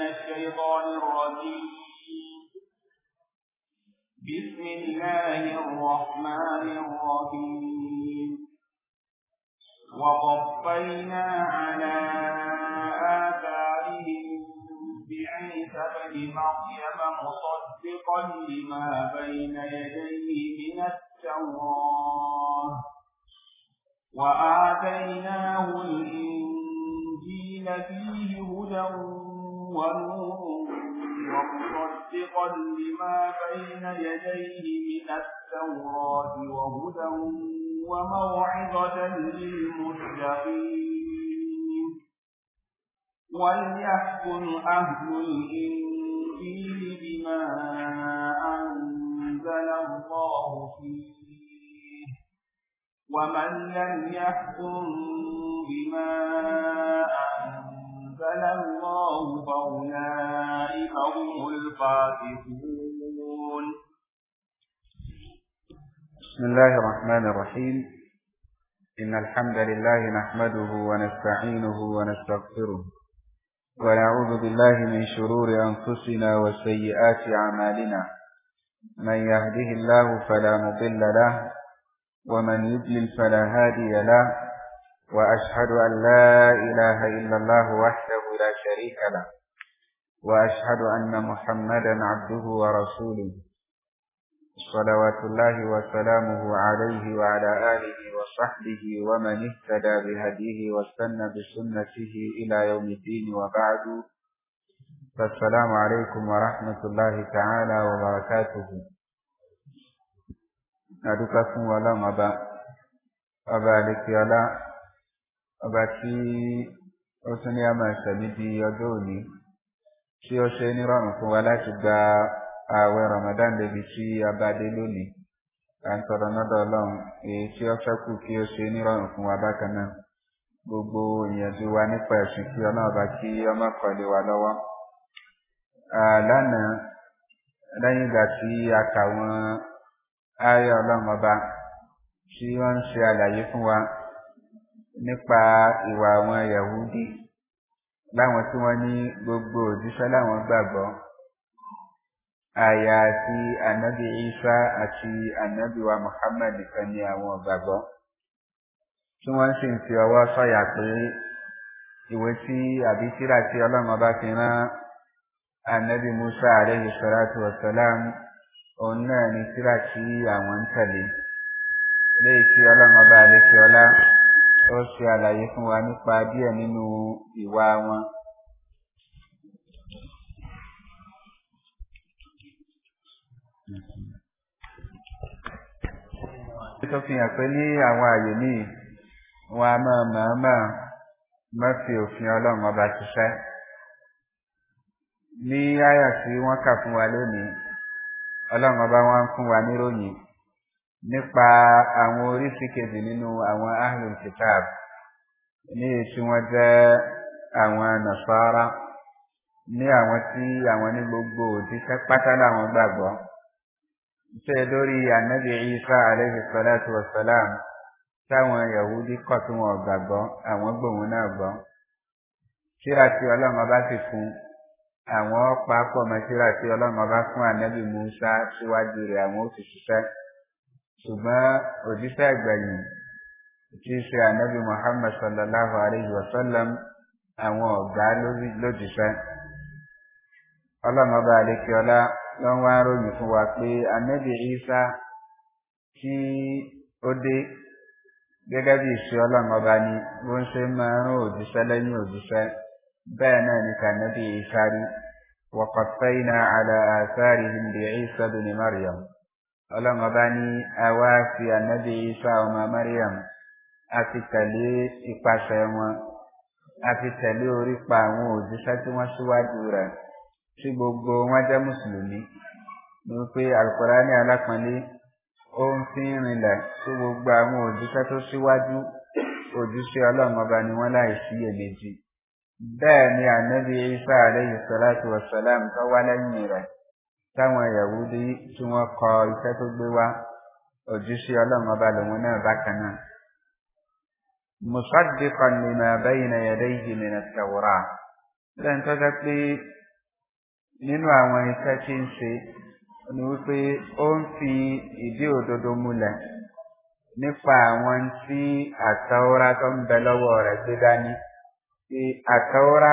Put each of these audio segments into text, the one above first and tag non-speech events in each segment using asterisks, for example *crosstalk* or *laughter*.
الشيطان الرجيم بسم الله الرحمن الرحيم وقفينا على آثارهم بعيسى بن مريم مصدقا لما بين يديه من التوراة وآتيناه الإنجيل فيه هدى ونور ومصدقا لما بين يديه من التوراة وهدى وموعظة للمتقين وليحكم أهل الإنجيل بما أنزل الله فيه ومن لم يحكم بما أنزل أنزل الله فأولئك هم الفاتحون بسم الله الرحمن الرحيم إن الحمد لله نحمده ونستعينه ونستغفره ونعوذ بالله من شرور أنفسنا وسيئات أعمالنا من يهده الله فلا مضل له ومن يضلل فلا هادي له وأشهد أن لا إله إلا الله وحده لا شريك له وأشهد أن محمدا عبده ورسوله صلوات الله وسلامه عليه وعلى آله وصحبه ومن اهتدى بهديه واستنى بسنته إلى يوم الدين وبعد فالسلام عليكم ورحمة الله تعالى وبركاته أدوككم ولا مبا أبا لك ọba tí ó tún ní a máa ṣàbí di ọjọ́ òní tí ó ṣe nírọ̀rùn fún wa láti gba ààwẹ̀ ramadan débi tí a bá dé lónìí à ń tọrọ nọ́dọ̀ ọlọ́run èyí tí ó fẹ́kù kí ó ṣe nírọ̀rùn fún wa bákan náà gbogbo ìyànjú wa nípa ẹ̀sìn kí ọlọ́run bá kí ọmọ kọ̀lé wa lọ́wọ́ lánàá lẹ́yìn ìgbà tí a kà wọ́n ayé ọlọ́run tí wọ́n ń ṣe àlàyé fún wa nípa ìwà àwọn yahudi láwọn tí wọ́n ní gbogbo òjíṣẹ́ láwọn gbàgbọ́ àyà àti ànábì isa àti anabi wa muhammad nìkan ní àwọn gbàgbọ́ tí wọ́n sì ń fi ọwọ́ sọ̀yà pé ìwé tí àbí tí ọlọ́run ọba fi rán ànábì musa àrẹ́yìn sọ́ra tó ọ̀sọ́lám òun náà ní tíra tí àwọn ń tẹ̀lé léyìí tí ọlọ́run ọba àlékè ọlá ó ṣe àlàyé fún wa nípa díẹ̀ nínú ìwà wọn. tó fi hàn pé ní àwọn àyè míì wọn a máa mọ̀ọ́mọ̀ má fi òfin ọlọ́run ọba ṣiṣẹ́ ní àyà tí wọ́n kà fún wa lónìí ọlọ́run ọba wọn ń fún wa níròyìn nípa àwọn oríṣi kejì nínú àwọn ahlul kitab ní èsì wọn jẹ́ àwọn nàṣọ́ra ní àwọn tí àwọn ní gbogbo òjíṣẹ́ pátá láwọn gbàgbọ́ ṣe lórí ànábì isa alayhi salatu wa salam táwọn yahudi kọ̀ tí wọn gbàgbọ́ àwọn gbòhun náà gbọ́ síra tí ọba sì fún àwọn ọ̀pá pọ̀ mọ́ síra tí ọba fún ànábì musa síwájú rẹ̀ àwọn ó sì ṣiṣẹ́ ṣùgbọ́n òjíṣẹ́ àgbàyìn tí í ṣe ànábì muhammad sallallahu alayhi wa sallam àwọn ọ̀gá lójíṣẹ́ ọlọ́mọba àdékíọlá ló ń wá ròyìn fún wa pé ànábì isa tí ó dé gẹ́gẹ́ bí ìṣe ọlọ́mọba ni bó ń ṣe máa ń rún òjíṣẹ́ lẹ́yìn òjíṣẹ́ bẹ́ẹ̀ náà ni kànábì isa rí wọ́kọ̀tẹ́yìn àlà àṣà rí ní ìṣẹ́ bìnrin mariam ọlọ́run ọba ní àwa fi ànábì isa ọmọ mariam a ti tẹ̀lé ìpasẹ̀ wọn a ti tẹ̀lé orípa àwọn òjíṣẹ́ tí wọ́n síwájú rẹ̀ tí gbogbo wọn jẹ́ mùsùlùmí ni wípé àlùkòrá ní alápọ̀nlé ó ń fi ń rinlẹ̀ tí gbogbo àwọn òjíṣẹ́ tó síwájú òjíṣẹ́ ọlọ́run ni wọ́n láì sí èméjì bẹ́ẹ̀ ni ànábì isa àlẹ́ ìsọ̀lá ti wọ̀sọ̀lá tó wá lẹ́yìn rẹ̀ táwọn yahudi tí wọ́n kọ iṣẹ́ tó gbé wá òjíṣẹ́ ọlọ́run ọba lòun náà bákan náà. musaddiqa ni mà bẹ́yìn náà yẹ̀dẹ́ yìí mìíràn tẹ̀wọ́rà lẹ́yìn tó jẹ́ pé nínú àwọn iṣẹ́ tí ń ṣe ni wípé ó ń fi ìdí òdodo múlẹ̀ nípa àwọn tí àtàwọ́rá tó ń bẹ lọ́wọ́ rẹ̀ gbé dání. àtàwọ́rá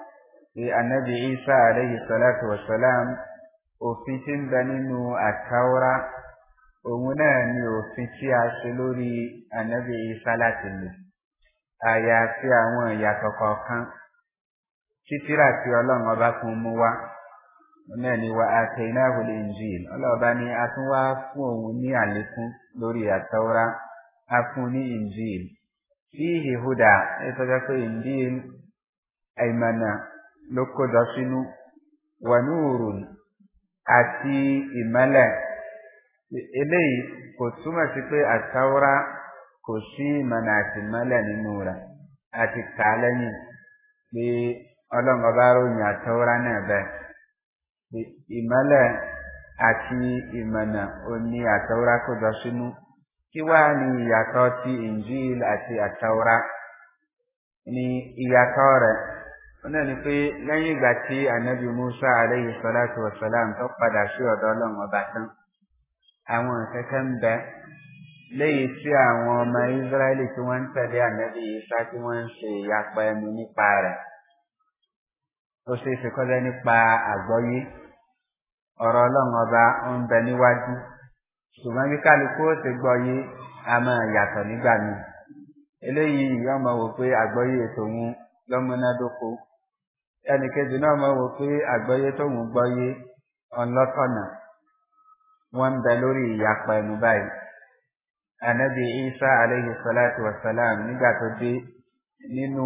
Ànábì Isa alayhi salatu wa salam òfin tí ń bẹ nínú àtàwọ́rá òun náà ni òfin tí a ṣe lórí Ànábì Isa láti lè àyàfi àwọn ìyàtọ̀ kọ̀ọ̀kan ọlọ́run ọba fún mú wá náà ni wa àtẹ̀yìnà àhùlẹ̀ injil ọlọ́ọ̀bá ni a tún wá fún òun ní àlékún lórí àtàwọ́rá a fún ní injil fíhìhúdà ètò ọjọ́ pé ló kọjá sínú wà ní òòrùn àti ìmẹ́lẹ̀ eléyìí kò túmọ̀ sí pé àtàwọ́rá kò sí ìmọ̀nà àti ìmẹ́lẹ̀ nínú rẹ̀ àti kà á lẹ́yìn pé ọlọ́run ọba ròyìn àtàwọ́rá náà bẹ́ẹ̀ ìmẹ́lẹ̀ àti ìmọ̀nà òní àtàwọ́rá kọjá sínú kí wá ní ìyàtọ̀ ti injil àti àtàwọ́rá ní ìyàtọ̀ rẹ̀ wọn náà ni pé lẹ́yìn ìgbà tí ànábì musa aleyhi salatu wa salam tó padà sí ọ̀dọ́ ọlọ́run ọba tán àwọn kẹ́kẹ́ ń bẹ léyìí tí àwọn ọmọ israẹli tí wọ́n ń tẹ̀lé ànábì isa tí wọ́n ń ṣe ìyapa ẹnu nípa rẹ̀ ó ṣe é ṣe nípa àgbọ́yé ọ̀rọ̀ ọlọ́run ọba ń bẹ níwájú ṣùgbọ́n bí kálukú ó ṣe gbọ́ a máa yàtọ̀ nígbà míì eléyìí ọmọ wò pé àgbọ́yé ètò òun lọ́múnádóko ẹnìkejì náà máa wò pé àgbáyé tóun gbọ́yé ọlọ́tọ̀nà wọ́n ń bẹ lórí ìyapa ẹnu báyìí anabi isa aleyhi salatu wasalam nígbà tó dé nínú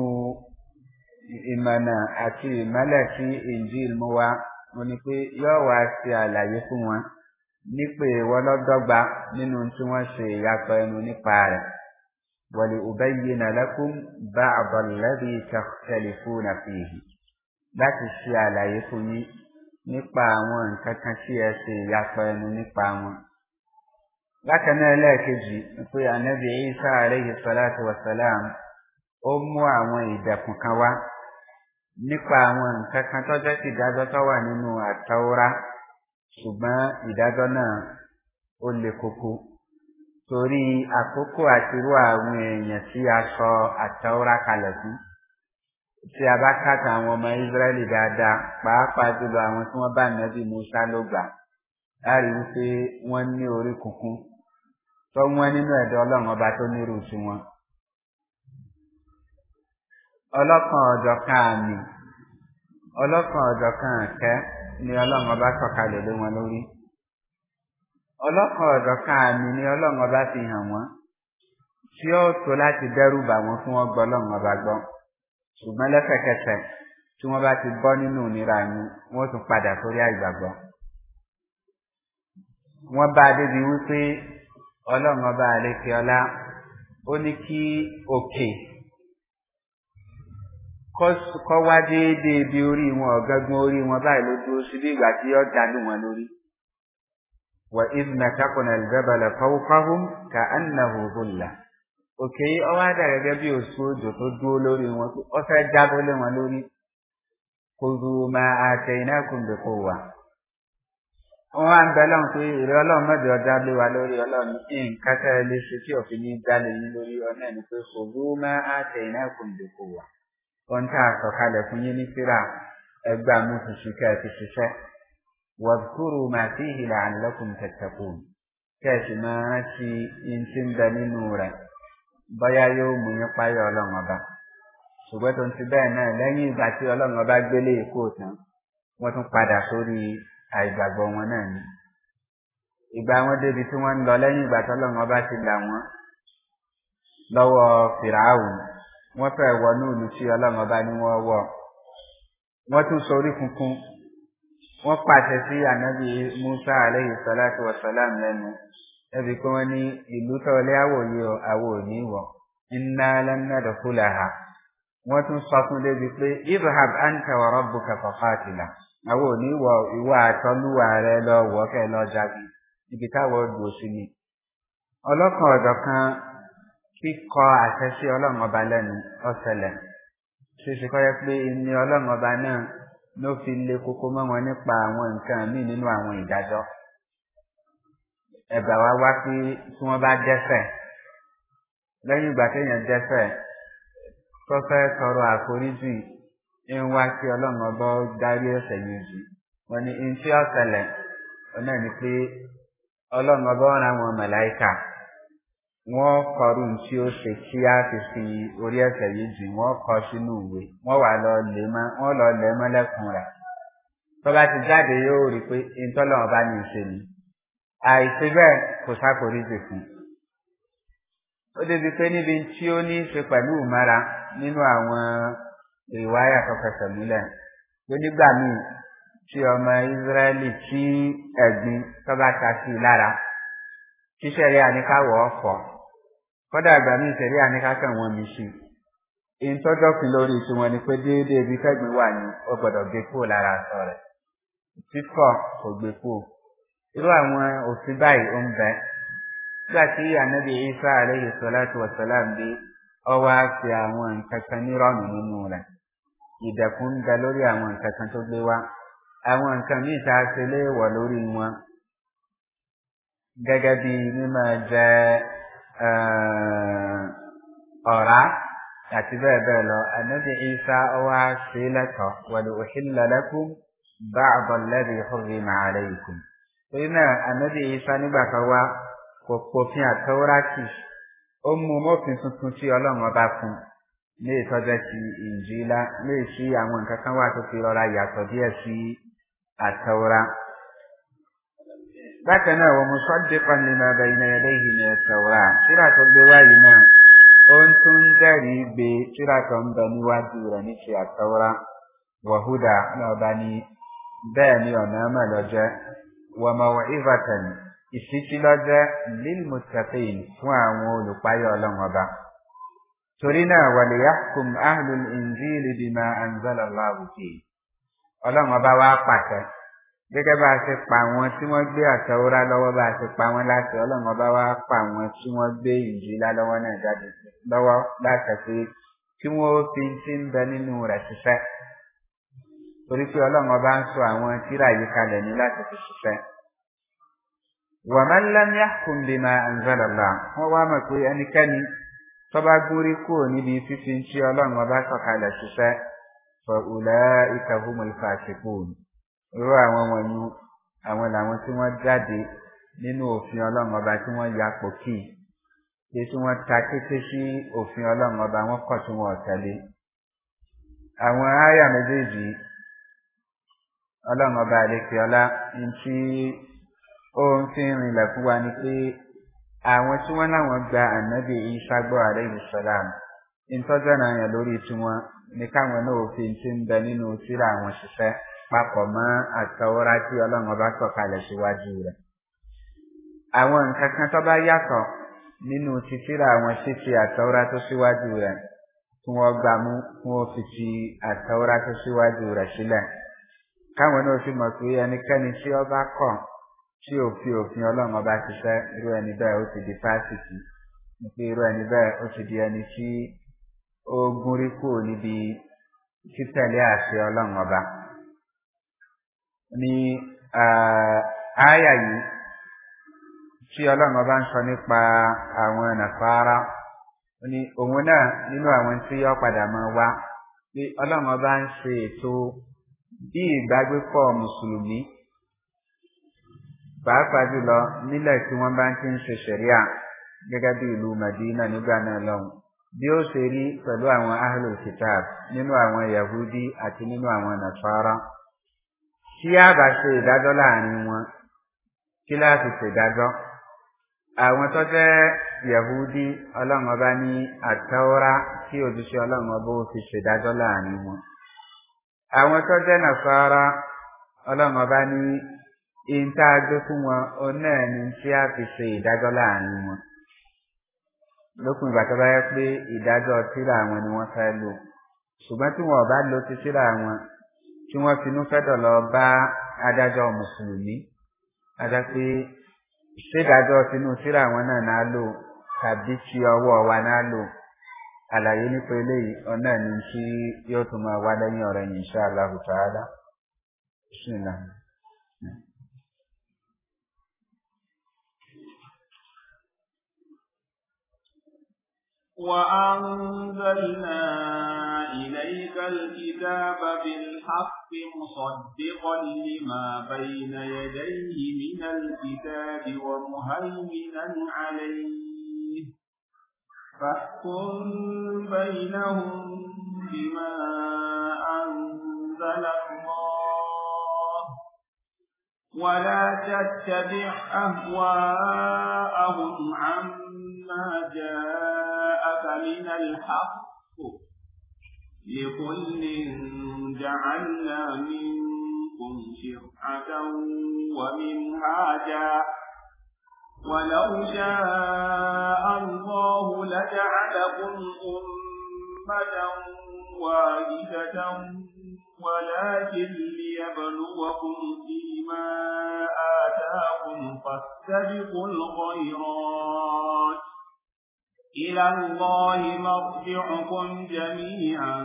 ìmọ̀nà àti ìmọ́lẹ̀ tí injil mú wa mo ní pé yóò wá ṣe àlàyé fún wọn nípe wọn lọ́dọ́gba nínú tí wọ́n ṣe ìyapa ẹnu nípa rẹ̀ wọ̀lẹ̀ òbẹ́yìn nàlẹ́kùn bá àbọ̀lẹ́bí tẹ̀lifóònù àfihàn láti ṣe àlàyé fún yín nípa àwọn nǹkan kan tí ẹ ṣe ìyapa ẹnu nípa wọn. Bákan náà lẹ́ẹ̀kejì pé ànábì Isa alayhi salatu wa salam ó mú àwọn ìdẹ̀kùn kan wá nípa àwọn nǹkan kan tọ́jọ́ sí ìdájọ́ tó wà nínú àtàwọ́rá ṣùgbọ́n ìdájọ́ náà ó le koko torí àkókò àtirú àwọn èèyàn tí a sọ àtàwọ́rá kalẹ̀ fún tí a bá kàtà àwọn ọmọ Ísírẹ́lì dáadáa pàápàá jùlọ àwọn tí wọ́n bá nàbí Musa ló gbà láàrin wípé wọ́n ní orí kunkun tó wọ́n nínú ẹ̀dọ́ ọlọ́run ọba tó nírú tiwọn. ọlọ́kan ọ̀jọ̀ kan àmì ọlọ́kan ọ̀jọ̀ kan àkẹ́ ni ọlọ́run ọba sọ̀kalẹ̀ lé wọn lórí. ọlọ́kan ọ̀jọ̀ kan àmì ni ọlọ́run ọba fi hàn wọ́n tí ó tó láti dẹ́rù bà wọ́n fún ọgbọ́ ọlọ́run ọba gbọ́n ṣùgbọ́n lẹ́sẹ̀kẹsẹ̀ tí wọ́n bá ti bọ́ nínú ìnira yín wọ́n tún padà sórí àìgbàgbọ́. wọ́n bá a débi wípé ọlọ́run ọba àlekè ọlá ó ní kí òkè kọ́ wá déédéé bí orí wọn ọ̀gángan orí wọn báyìí ló dúró sí bí ìgbà tí yọ́ọ́ dánú wọn lórí. wà ìdùnnà takùnà ìjọba lẹ́kọ̀ọ́ fáwọn ká ànàhùn hùlà. òkè yìí ọwọ́ àdá gẹ́gẹ́ bí òṣù òjò tó dúró lórí wọn ó fẹ́ wọn lórí kòrò máa àtẹ iná kùnbẹ̀ kò wà. wọ́n wá ń bẹ lọ́n pé ìrẹ́ ọlọ́run mọ́jọ ọjà lé wa lórí ọlọ́run ní lè ṣe tí òfin ní jálè yín lórí ni pé kòrò máa àtẹ iná a sọ fún yín ní síra ẹgbàá mú kẹ́ ẹ ti ṣiṣẹ́ máa ìhìlà àlọ́kùn tẹ̀tẹ̀kùn bọ́yá yóò mú yín páyọ̀ ọlọ́run ọba ṣùgbọ́n tó ń ti bẹ́ẹ̀ náà lẹ́yìn ìgbà tí ọlọ́run ọba gbélé ikú òtán wọ́n tún padà sórí àìgbàgbọ́ wọn náà ni ìgbà wọn débi tí wọ́n ń lọ lẹ́yìn ìgbà tí ọlọ́run ọba ti là wọ́n lọ́wọ́ fìràáwù wọ́n fẹ́ wọnú ìlú tí ọlọ́run ọba ní wọ́n wọ̀ wọ́n tún sorí funfun wọ́n pàṣẹ sí ànábì musa aleyhi salatu wa salam lẹ́nu ẹbí pé wọ́n ní ìlú tọ́lẹ́ àwòyé àwò òní wọ̀ iná lánàdà fúlàhà wọ́n tún sọ fún débi pé ibrahim anta wọ̀rọ̀ bùkà fàfàtìlà àwò òní wọ ìwà àtọ́lúwà rẹ lọ wọ́ kẹ́ lọ jáde ibi táwọ̀ dùn sí ni. ọlọ́kan ọ̀dọ̀ kan kíkọ àṣẹṣe ọlọ́run ọba lẹ́nu ọ̀sẹ̀lẹ̀ ṣeéṣe kọ́ yẹ pé ní ọlọ́run náà ló fi le koko mọ́ wọn nípa àwọn nǹkan míì nínú àwọn ìdájọ́ ẹgbà wá wá sí tí wọ́n bá dẹ́sẹ̀ lẹ́yìn ìgbà téèyàn dẹ́sẹ̀ tó fẹ́ tọrọ àforíjì ń wá sí ọlọ́run ọba darí ẹ̀sẹ̀ yìí jù wọ́n ní ní tí ọ̀sẹ̀lẹ̀ ọ̀nà ni pé ọlọ́run ọba ọ̀ràn àwọn mẹ̀láìkà wọ́n kọrú tí ó ṣe kí á fi fi orí ẹ̀sẹ̀ yìí jù wọ́n kọ sínú ìwé wọ́n wà lọ lè mọ́ wọ́n lọ lè mọ́ lẹ́kùn rẹ̀ ti jáde yóò rí pé ìtọ́lọ́run ọba ní ìṣe ni àìsí bẹ́ẹ̀ kò sákòríjì fún ó débi pé níbi tí ó ní ṣe pẹ̀lú ìmọ́ra nínú àwọn ìwáyà tó fẹsẹ̀ múlẹ̀ pé nígbà míì tí ọmọ ìsírẹ́lì tí ẹ̀gbin tó bá ta sí i lára ṣíṣẹ̀rí àníkàwọ̀ ọ̀fọ̀ kọ́dà ìgbà míì ṣẹ̀rí àníkàkàn wọn mi sí i ìtọ́jọ́pin lórí tiwọn ni pé déédéé ibi tẹ́gbin wà ní ó gbọ́dọ̀ gbé kúrò lára aṣọ rẹ̀ títọ̀ kò gbé kúrò irú àwọn òfin báyìí ó ń bẹ nígbà tí ànábì isa aleyhi salatu wa salam bí ọwọ́ àti àwọn nǹkan kan nírọ̀nù nínú rẹ̀ ìdẹ̀kùn ń bẹ lórí àwọn nǹkan kan tó gbé wá àwọn nǹkan míì tá a ṣe léèwọ̀ lórí wọn gẹ́gẹ́ bí mímọ jẹ ọ̀rá àti bẹ́ẹ̀ bẹ́ẹ̀ lọ ànábì isa ọwọ́ àṣẹ lẹ́tọ̀ wọ̀lú òṣìlẹ̀ lẹ́kùn bá àbọ̀lẹ́bí hurri màálẹ́yìkùn. torí náà ànábì isa nígbà kan wá kò pòfin àtọwúrátì ó mú mọ́fin tuntun tí ọlọ́run ọba fún ní ìtọ́jọ́ ti ìjìlá ní ìsí àwọn nǹkan kan wà tó fi rọra yàtọ̀ díẹ̀ sí àtọwúrá. bákan náà wọ́n mú sọ́dé pàmì máa bẹ iná ẹlẹ́yìn ní ẹ̀tọ̀wúrá síra tó gbé wáyé náà ó ń tún dẹ́rìí gbé síra tó ń bẹ níwájú rẹ̀ ní ti ni ọ̀nà وموعظة ìṣítílọ́jẹ́ lílmùtàfẹ́yìn fún àwọn olùpáyọ̀ ọlọ́run ọba torí náà wàlẹ̀ yàkùn ahlul injil bímọ anzalala òkè ọlọ́run ọba wa pàṣẹ gẹ́gẹ́ bá a ṣe pa wọn tí wọ́n gbé àtọwúrá lọ́wọ́ bá a ṣe pa wọn láti ọlọ́run ọba wa pa wọn tí wọ́n gbé ìjìlá lọ́wọ́ náà jáde lọ́wọ́ láti ṣe kí wọ́n fi ti ń bẹ nínú rẹ̀ ṣiṣẹ́ torí pé ọlọ́run ọba ń sọ àwọn tíra yìí kalẹ̀ ní láti fi ṣiṣẹ́. wàmálàmí àkùnlé máa ń zọlọ̀lá wọ́n wá mọ̀ pé ẹnikẹ́ni tó bá gbórí kúrò níbi fífi ń tí ọlọ́run ọba sọ̀kalẹ̀ ṣiṣẹ́ fọ òlà ìkàhùmọ̀lùfà àsìkò irú àwọn wọ̀nyí àwọn làwọn tí wọ́n jáde nínú òfin ọlọ́run ọba tí wọ́n ya pò ṣe tí wọ́n ta kété sí òfin ọlọ́run ọba wọ́n kọ̀ tí wọ́n tẹ̀lé àwọn áyà méjèèjì ọlọ́run ọba àlekè ọlá ní tí ó ń fi rìnlẹ̀ fún ni pé àwọn tí wọ́n láwọn gba ànábì ìṣàgbọ́ àleyhi sàlám ìtọ́jú ọ̀nà yẹn lórí tiwọn ní káwọn náà òfin ti ń bẹ nínú síra àwọn ṣiṣẹ́ papọ̀ mọ́ àtọwọ́rá tí ọlọ́run ọba sọ̀kalẹ̀ síwájú rẹ̀. àwọn nǹkan kan tó bá yàtọ̀ nínú ti síra àwọn ṣíṣe àtọwọ́rá tó síwájú rẹ̀ tí wọ́n gbà mú kí fi ti àtọwọ́rá tó síwájú rẹ̀ sílẹ̀. káwọn náà sì mọ̀ pé ẹnikẹ́ni tí ọba kọ̀ tí ò fi òfin ọlọ́run ọba ṣiṣẹ́ irú ẹni bẹ́ẹ̀ ó ti di fásitì nke ruo irú ẹni bẹ́ẹ̀ di ẹni tí ó gún rí kúrò níbi títẹ̀lé àṣẹ ọlọ́run ọba. ní àyà yìí tí ọlọ́run ọba ń sọ nípa àwọn nàfàárà ni òun náà nínú àwọn tí yọ padà máa wá pé ọlọ́run ọba ń ṣe bí ìgbàgbé pọ̀ mùsùlùmí pàápàá jùlọ nílẹ̀ tí wọ́n bá ń ti ń ṣe ṣẹ̀ríà gẹ́gẹ́ bí ìlú madina nígbà náà lọ́hùn bí ó ṣe rí pẹ̀lú àwọn ahlul kitab nínú àwọn yahudi àti nínú àwọn nasara tí a bá ṣe ìdájọ́ láàrin wọn kí láti ṣèdájọ́ àwọn tó jẹ́ yahudi ọlọ́run ọba ní àtàwọ́rá tí òjíṣẹ́ ọlọ́run ọba ó fi ṣèdájọ́ láàrin wọn àwọn tó jẹ́ nàṣọ́ra ọlọ́run ọba ní ihun tá a gbé fún wọn òun náà ni tí a fi ṣe ìdájọ́ láàrin wọn lókun ìgbà tó bá yẹ pé ìdájọ́ tíra wọn ni wọ́n fẹ́ lò ṣùgbọ́n tí wọn ò bá lo ti tíra wọn tí wọ́n finú fẹ́dọ̀ lọ bá adájọ́ mùsùlùmí ajá pé ṣédájọ́ tinú tíra wọn náà náà lò tàbí ti ọwọ́ wa náà lò. àlàyé nípa eléyìí ọ̀nà ní tí yóò tún máa wá lẹ́yìn ọ̀rẹ́ yìí ṣe aláhùtàálá ṣìnà. وأنزلنا إليك الكتاب بالحق مصدقا لما بين يديه من الكتاب ومهيمنا عليه فاحكم بينهم بما أنزل الله ولا تتبع أهواءهم عما جاءك من الحق لكل جعلنا منكم شرعة ومنهاجا ولو شاء الله لجعلكم أمة واحدة ولكن ليبلوكم فيما آتاكم فاستبقوا الخيرات إلى الله مرجعكم جميعا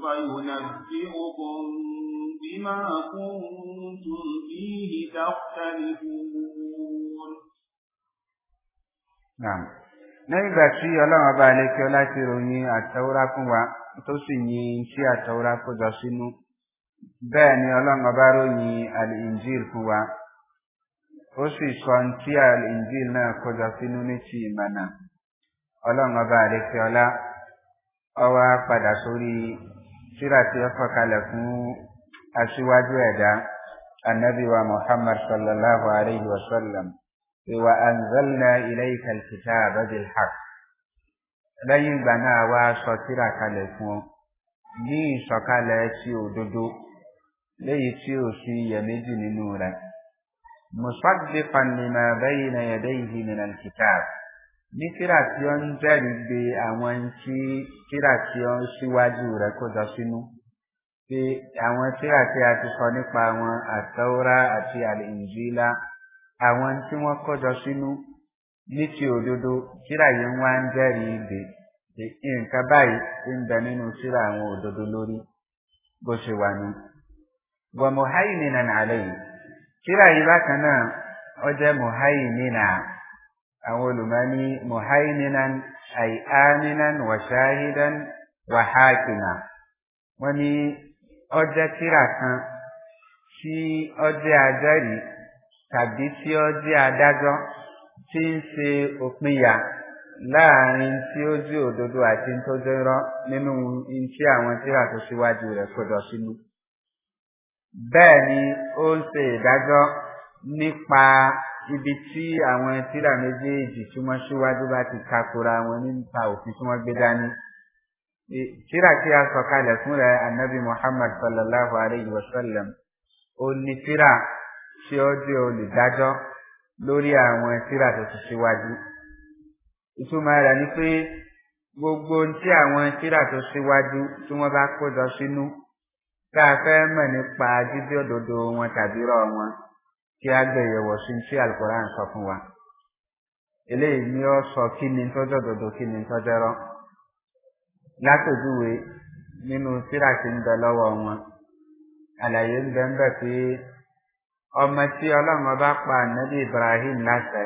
فينبئكم بما كنتم فيه تختلفون na Lẹ́yìn ìgbà tí ọlọ́run ọba àlékí ọlá ròyìn àtẹwúrá fún wa tó sì yin sí àtẹwúrá sínú. Bẹ́ẹ̀ ni ọlọ́run ọba ròyìn àlìǹjìl fún wa. Ó sì sọ tí náà sínú ní ti ìmọ̀nà. Ọlọ́run ọba ọlá ọwá padà sórí annabi Muhammad sallallahu alayhi ìwà anzalna ilayka alkitaba bilhaq lẹ́yìn ìgbà náà wá sọ tírà kalẹ̀ fún ọ ní ìsọ̀kalẹ̀ tí òdodo léyìí tí ò sí iyèméjì nínú rẹ̀ musaddiqan lima bayna yadayhi min alkitab ní tírà tí ó ń jẹ́rìí gbé àwọn tí tírà tí ó ń síwájú rẹ̀ kó jọ sínú pé àwọn tírà tí a ti sọ nípa àwọn àtọ́wúrá àti àlìǹjìlá àwọn tí wọ́n kọ́jọ sínú ní ti òdodo síra yìí ń wá ń jẹ́rìí ìgbè pé nǹkan báyìí ti ń bẹ nínú síra àwọn òdodo lórí bó ṣe wà ní. wọ́n mohayi nínà nàlẹ́ yìí síra yìí bákan náà ọ jẹ́ mohayi nínà àwọn olùmọ́ni mohayi nínà àì ámínà wàṣáhídán wàhákìnà wọ́n ní ọjẹ́ síra kan tí ọjẹ́ ajẹ́rìí tàbí tí ó jẹ́ adájọ́ tí ń ṣe òpinya láàrin tí ó jẹ́ òdodo àti tó jẹ́rọ́ nínú tí àwọn tíra tó síwájú rẹ̀ kójọ sínú. Bẹ́ẹ̀ ni ó ń ṣe ìdájọ́ nípa ibi tí àwọn tíra méjèèjì tí wọ́n síwájú bá ti takora wọn nípa òfin tí wọ́n gbé dání. Tíra tí a sọ kalẹ̀ fún rẹ̀ Annabi Muhammad sallallahu alayhi wa sallam, ó ní tíra ṣé ó jẹ́ olùdájọ́ lórí àwọn tíra tó ti ṣíwájú. ìtumọ̀ rẹ̀ ni pé gbogbo tí àwọn tíra tó ṣíwájú tí wọ́n bá kójọ sínú tá a fẹ́ mọ̀ nípa jíjí òdodo wọn tàbí rọ wọn kí a gbẹ̀yẹ̀wò sí tí alukóran sọ fún wa. eléyìí ni ó sọ kí ni tọ́jọ́ òdodo kí ni tọ́jọ́ rọ. látòjúwe nínú tíra ti ń bẹ lọ́wọ́ wọn àlàyé ń bẹ ń bẹ pé ọmọ tí ọlọ́run ọba pa ànábì ibrahim láṣẹ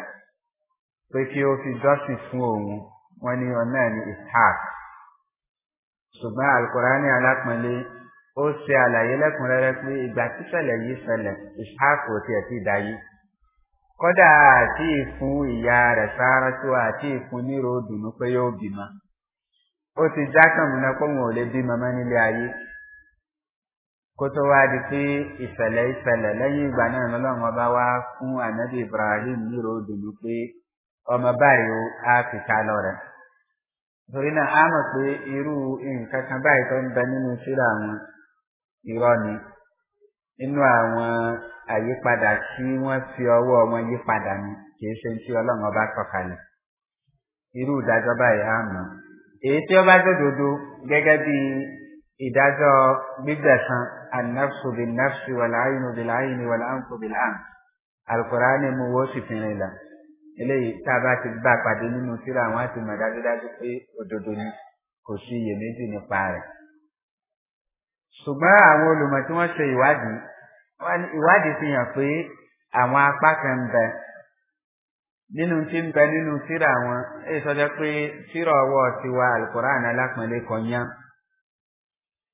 pé kí ó fi jọ́sìn fún òun wọ́n ní ọ̀nà ní ishaq ṣùgbọ́n alukurani alápọ̀nlé ó ṣe àlàyé lẹ́kùnrẹ́rẹ́ pé ìgbà tíṣẹ̀lẹ̀ yìí ṣẹlẹ̀ ishaq ò tiẹ̀ ti dàyé kódà àti ìfún ìyá rẹ̀ sáárá tó àti ìfún nírò dùnú pé yóò bímọ ó ti já kàn múná pé òun ò lè bímọ mọ́ nílé ayé kótó wá di pé ìṣẹ̀lẹ̀ ìṣẹ̀lẹ̀ lẹ́yìn ìgbà náà lọ́lọ́run ọba wá fún ànábì ibrahim nírò dùnú pé ọmọ báyìí ó á fi ká lọ rẹ̀. torí náà a mọ̀ pé irú nǹkan kan báyìí tó ń bẹ nínú síra àwọn irọ́ ni nínú àwọn àyípadà tí wọ́n fi ọwọ́ wọn yí padà ni kì ṣe tí ọlọ́run ọba sọ̀kalẹ̀. irú ìdájọ́ báyìí á mọ̀ èyí tí ó jòdòdó gẹ́gẹ́ bí ìdájọ́ gbígbẹ̀san النفس بالنفس والعين بالعين والأنف بالأنف القرآن مو وصف إلا eléyìí tá a bá ti bá pàdé nínú síra wọn á ti mọ̀ dájúdájú pé òdodo ni kò sí iyèméjì nípa rẹ̀. ṣùgbọ́n àwọn olùmọ̀ tí wọ́n ṣe ìwádìí ìwádìí fi hàn pé àwọn apá kan ń bẹ nínú tí ń bẹ nínú síra wọn èyí sọjọ́ pé síra ọwọ́ tiwa alukoran alápọ̀nlé kan yán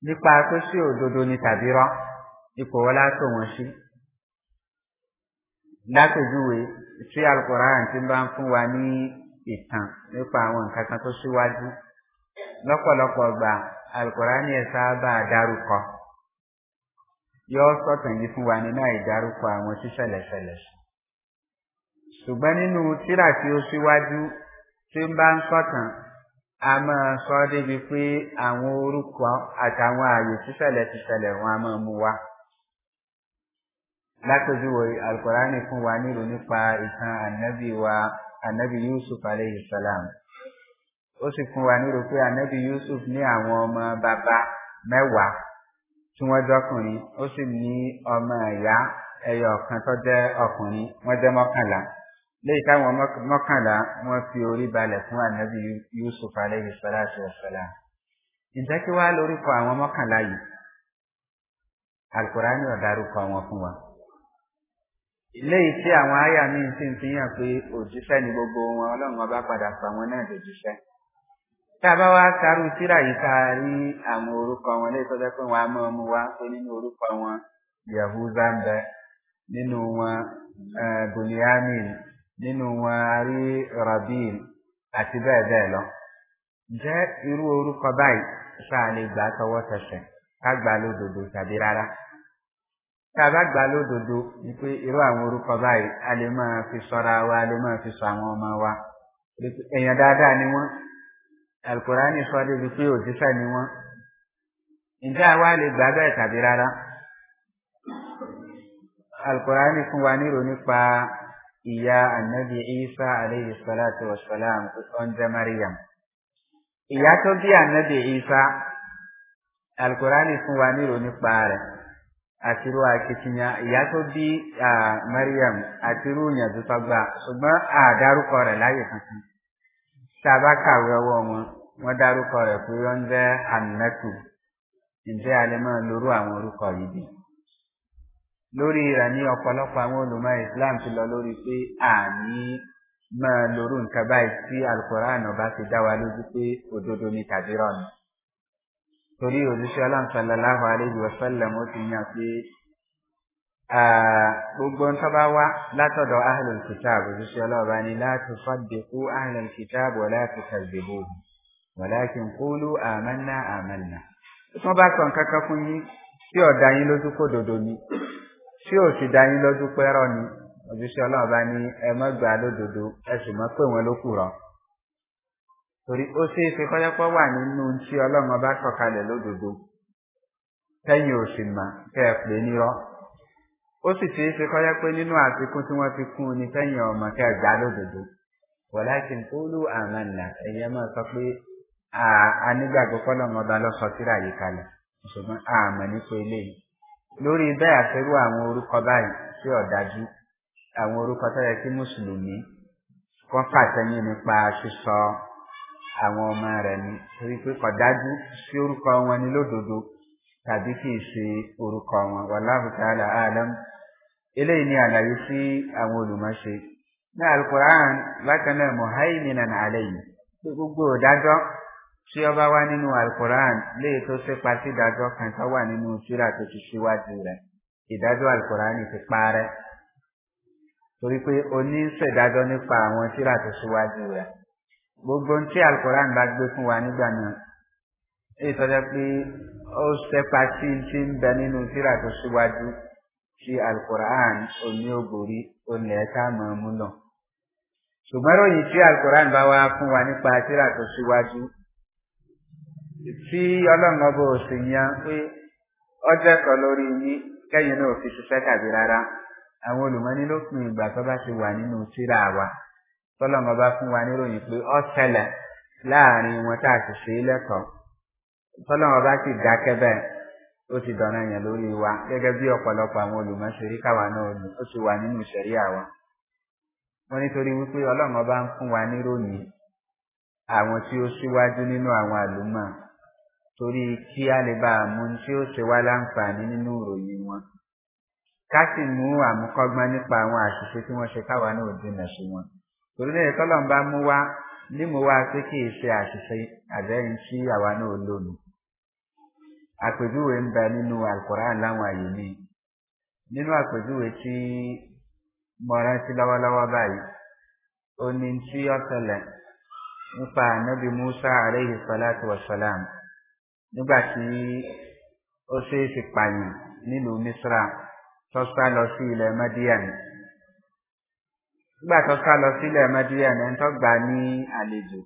nípa pé ṣé òdodo ni tàbí rán ipò wọlá tó wọn sí látòjúwe tí alukoran ti bá ń fún wa ní ìtàn nípa àwọn nǹkan kan tó síwájú lọ́pọ̀lọpọ̀ gbà alukoran yẹn sábà dárúkọ yóò sọ̀tàn yìí fún wa nínú àìdárúkọ àwọn sísẹ̀lẹ̀sẹ̀lẹ̀ ṣùgbọ́n nínú tíra tí ó síwájú tí ń bá ń sọ̀tàn a máa sọ ọ́ débi pé àwọn orúkọ àtàwọn ààyè sísẹ̀lẹ̀ ti ṣẹlẹ̀ wọn a máa mú wa. lápèjúwe alukorani fún wa nílò nípa ìtàn ànábì wa ànábì yusuf aleyhi salam ó sì fún wa nílò pé ànábì yusuf ní àwọn ọmọ bàbá mẹ́wàá tí wọ́n jọkùnrin ó sì ní ọmọ ẹ̀yà ẹyọ kan tó jẹ́ ọkùnrin wọ́n jẹ́ mọ́kànlá lẹ́yìn táwọn mọ́kànlá wọ́n fi orí balẹ̀ fún ànábì yusuf alayhi salatu wasalam ǹjẹ́ kí wá lórí kọ àwọn mọ́kànlá yìí alukurani ọ̀darúkọ wọn fún wa lẹ́yìn tí àwọn àyà míì sì ń fi hàn pé òjíṣẹ́ ni gbogbo wọn ọlọ́run ọba padà fà wọn náà dòjíṣẹ́ tá a bá wá karú síra yìí ká rí àwọn orúkọ wọn lẹ́yìn tó jẹ́ pé wọ́n á mọ́ ọmú wá pé nínú orúkọ wọn yahuza ń nínú wọn eh, bùnìyàmín nínú wọn a rí rabil àti bẹ́ẹ̀ bẹ́ẹ̀ lọ. jẹ́ irú orúkọ báyìí sáà lè gbà tọwọ́ tẹsẹ̀ ká gbà lódodo tàbí rárá. tá a bá gbà lódodo ni pé irú àwọn orúkọ báyìí a lè máa fi sọ́ra wa a lè máa fi sọ àwọn ọmọ wa. èèyàn dáadáa ni wọ́n alukurani sọ débi pé òjíṣẹ́ ni wọ́n. ǹjẹ́ àwa lè gbà bẹ́ẹ̀ tàbí rárá. alukurani fún wa nírò nípa. ìyá ànábì isa àleyhi salatu wa salam ọ̀njẹ́ mariam ìyá bi bí isa alukurani fún wa nílò nípa rẹ̀ àtirú akitiyan bi tó bí mariam àtirú yànjú tó gbà ṣùgbọ́n àdárúkọ rẹ̀ láyè a bá kàwé ọwọ́ wọn hannatu ǹjẹ́ a bi. lórí rẹ̀ ní ọ̀pọ̀lọpọ̀ àwọn olùmọ̀ islam ti lọ lórí pé àní máa lórú nǹkan báyìí tí alukoran ọba ti dá wa lójú pé òdodo ni tàbí rọ̀nù torí òjíṣẹ́ aláǹsọ̀lọ́láhù aléjù ọ̀sọ́lẹ̀ mo ti yàn pé gbogbo ń tọ́ bá wá látọ̀dọ̀ ahlul kitab òjíṣẹ́ ọlọ́ọ̀bá ni láti fọ́dẹ̀kú ahlul kitab wọ̀ láti kàlbẹ̀bù wọ̀lákin kúlú àmàna àmàna. tí wọ́n bá fún yín tí ọ̀dà yín lójú kó dodo ni tí ò sì dá yín lójú pé rọ ni ojúṣe ọlọ́run bá ní ẹ mọ́ gbà lódodo ẹ sì mọ́ pé wọn ló kù rọ. torí ó ṣeé ṣe kọ́jọ́pọ́ wà nínú tí ọlọ́run ọba sọ̀kalẹ̀ lódodo tẹ́yìn ò sì mà kẹ́ ẹ pè nírọ́. ó sì ṣeé ṣe kọ́jọ́ pé nínú àfikún tí wọ́n fi kún un ní tẹ́yìn ọmọ kẹ́ ẹ gbà lódodo. wọ̀lá kì í kúlù àmà nà ẹ̀yẹ máa sọ pé anígbàgbọ́ kọ́lọ́run ọba lọ́sọ̀ọ́ lórí bẹ́ẹ̀ àfẹ́rú àwọn orúkọ báyìí ṣé ọ̀dájú àwọn orúkọ tó yẹ kí mùsùlùmí kan pàtẹ́yìn nípa sísọ àwọn ọmọ rẹ̀ ni torí pé kò dájú sí orúkọ wọn ní lódodo tàbí kì í ṣe orúkọ wọn wàláhùn tààlà àlám eléyìí ni àlàyé sí àwọn olùmọ̀ṣe ní alukoran bákan náà mọ̀háìmínà nàálẹ́ yìí gbogbo òdájọ́ tí ọba wá nínú alukoran léyìí tó sépa sí ìdájọ́ kan tó wà nínú síra tó ti síwájú rẹ̀ ìdájọ́ alukoran ti parẹ́ torí pé oníṣèdájọ́ nípa àwọn síra tó síwájú rẹ̀ gbogbo ohun tí alukoran bá gbé fún wa nígbà náà èyí tó jẹ́ pé ó sépa sí ti ń bẹ nínú síra tó síwájú tí alukoran oní ògbórí olè ẹ̀ka mọ̀ ọ́n ṣùgbọ́n ròyìn tí alukoran bá wá fún wa nípa síra tó síwájú tí ọlọ́run ọba òsì yan pé ọjọ́ ẹ̀kọ́ lórí yín kẹ́yìn náà fi ṣiṣẹ́ tàbí rárá àwọn olùmọ́ni ló pin ìgbà tó bá ti wà nínú síra wa tọ́lọ́run ọba fún wa níròyìn pé ọ́ ṣẹlẹ̀ láàrin wọn tá a sì ṣe é lẹ́kọ̀ọ́ tọ́lọ́run ọba sì dákẹ́ bẹ́ẹ̀ ó ti dọ̀nà yẹn lórí wa gẹ́gẹ́ bí ọ̀pọ̀lọpọ̀ àwọn olùmọ̀ṣẹ́rí káwa náà ni ó ti wà nínú ìṣẹ̀rí àwa wọn nítorí wípé ọlọ́run ń fún wa níròyìn àwọn tí ó síwájú nínú àwọn àlùmọ́ọ́ torí kí a lè bá àmú tí ó ṣe wá láǹfààní nínú ìròyìn wọn ká sì mú àmúkọ́gbọ́n nípa àwọn àṣìṣe tí wọ́n ṣe káwa náà dènà sí wọn torí lẹ́yìn tọ́lọ̀ ń bá mú wá ní mo wá pé kì í ṣe àṣìṣe àbẹ́rin tí àwa náà lónìí àpèjúwe ń bẹ nínú alukóran láwọn àyè mi nínú àpèjúwe tí mo rántí lọ́wọ́lọ́wọ́ báyìí ó ní tí ó nípa ànábi musa aleyhi salatu wa salam nígbà tí ó ṣeéṣe pààyàn nílùú misra tó sá lọ sí ilẹ̀ madian nígbà tó sá lọ sí ilẹ̀ madian ẹni tó gbà ní àlejò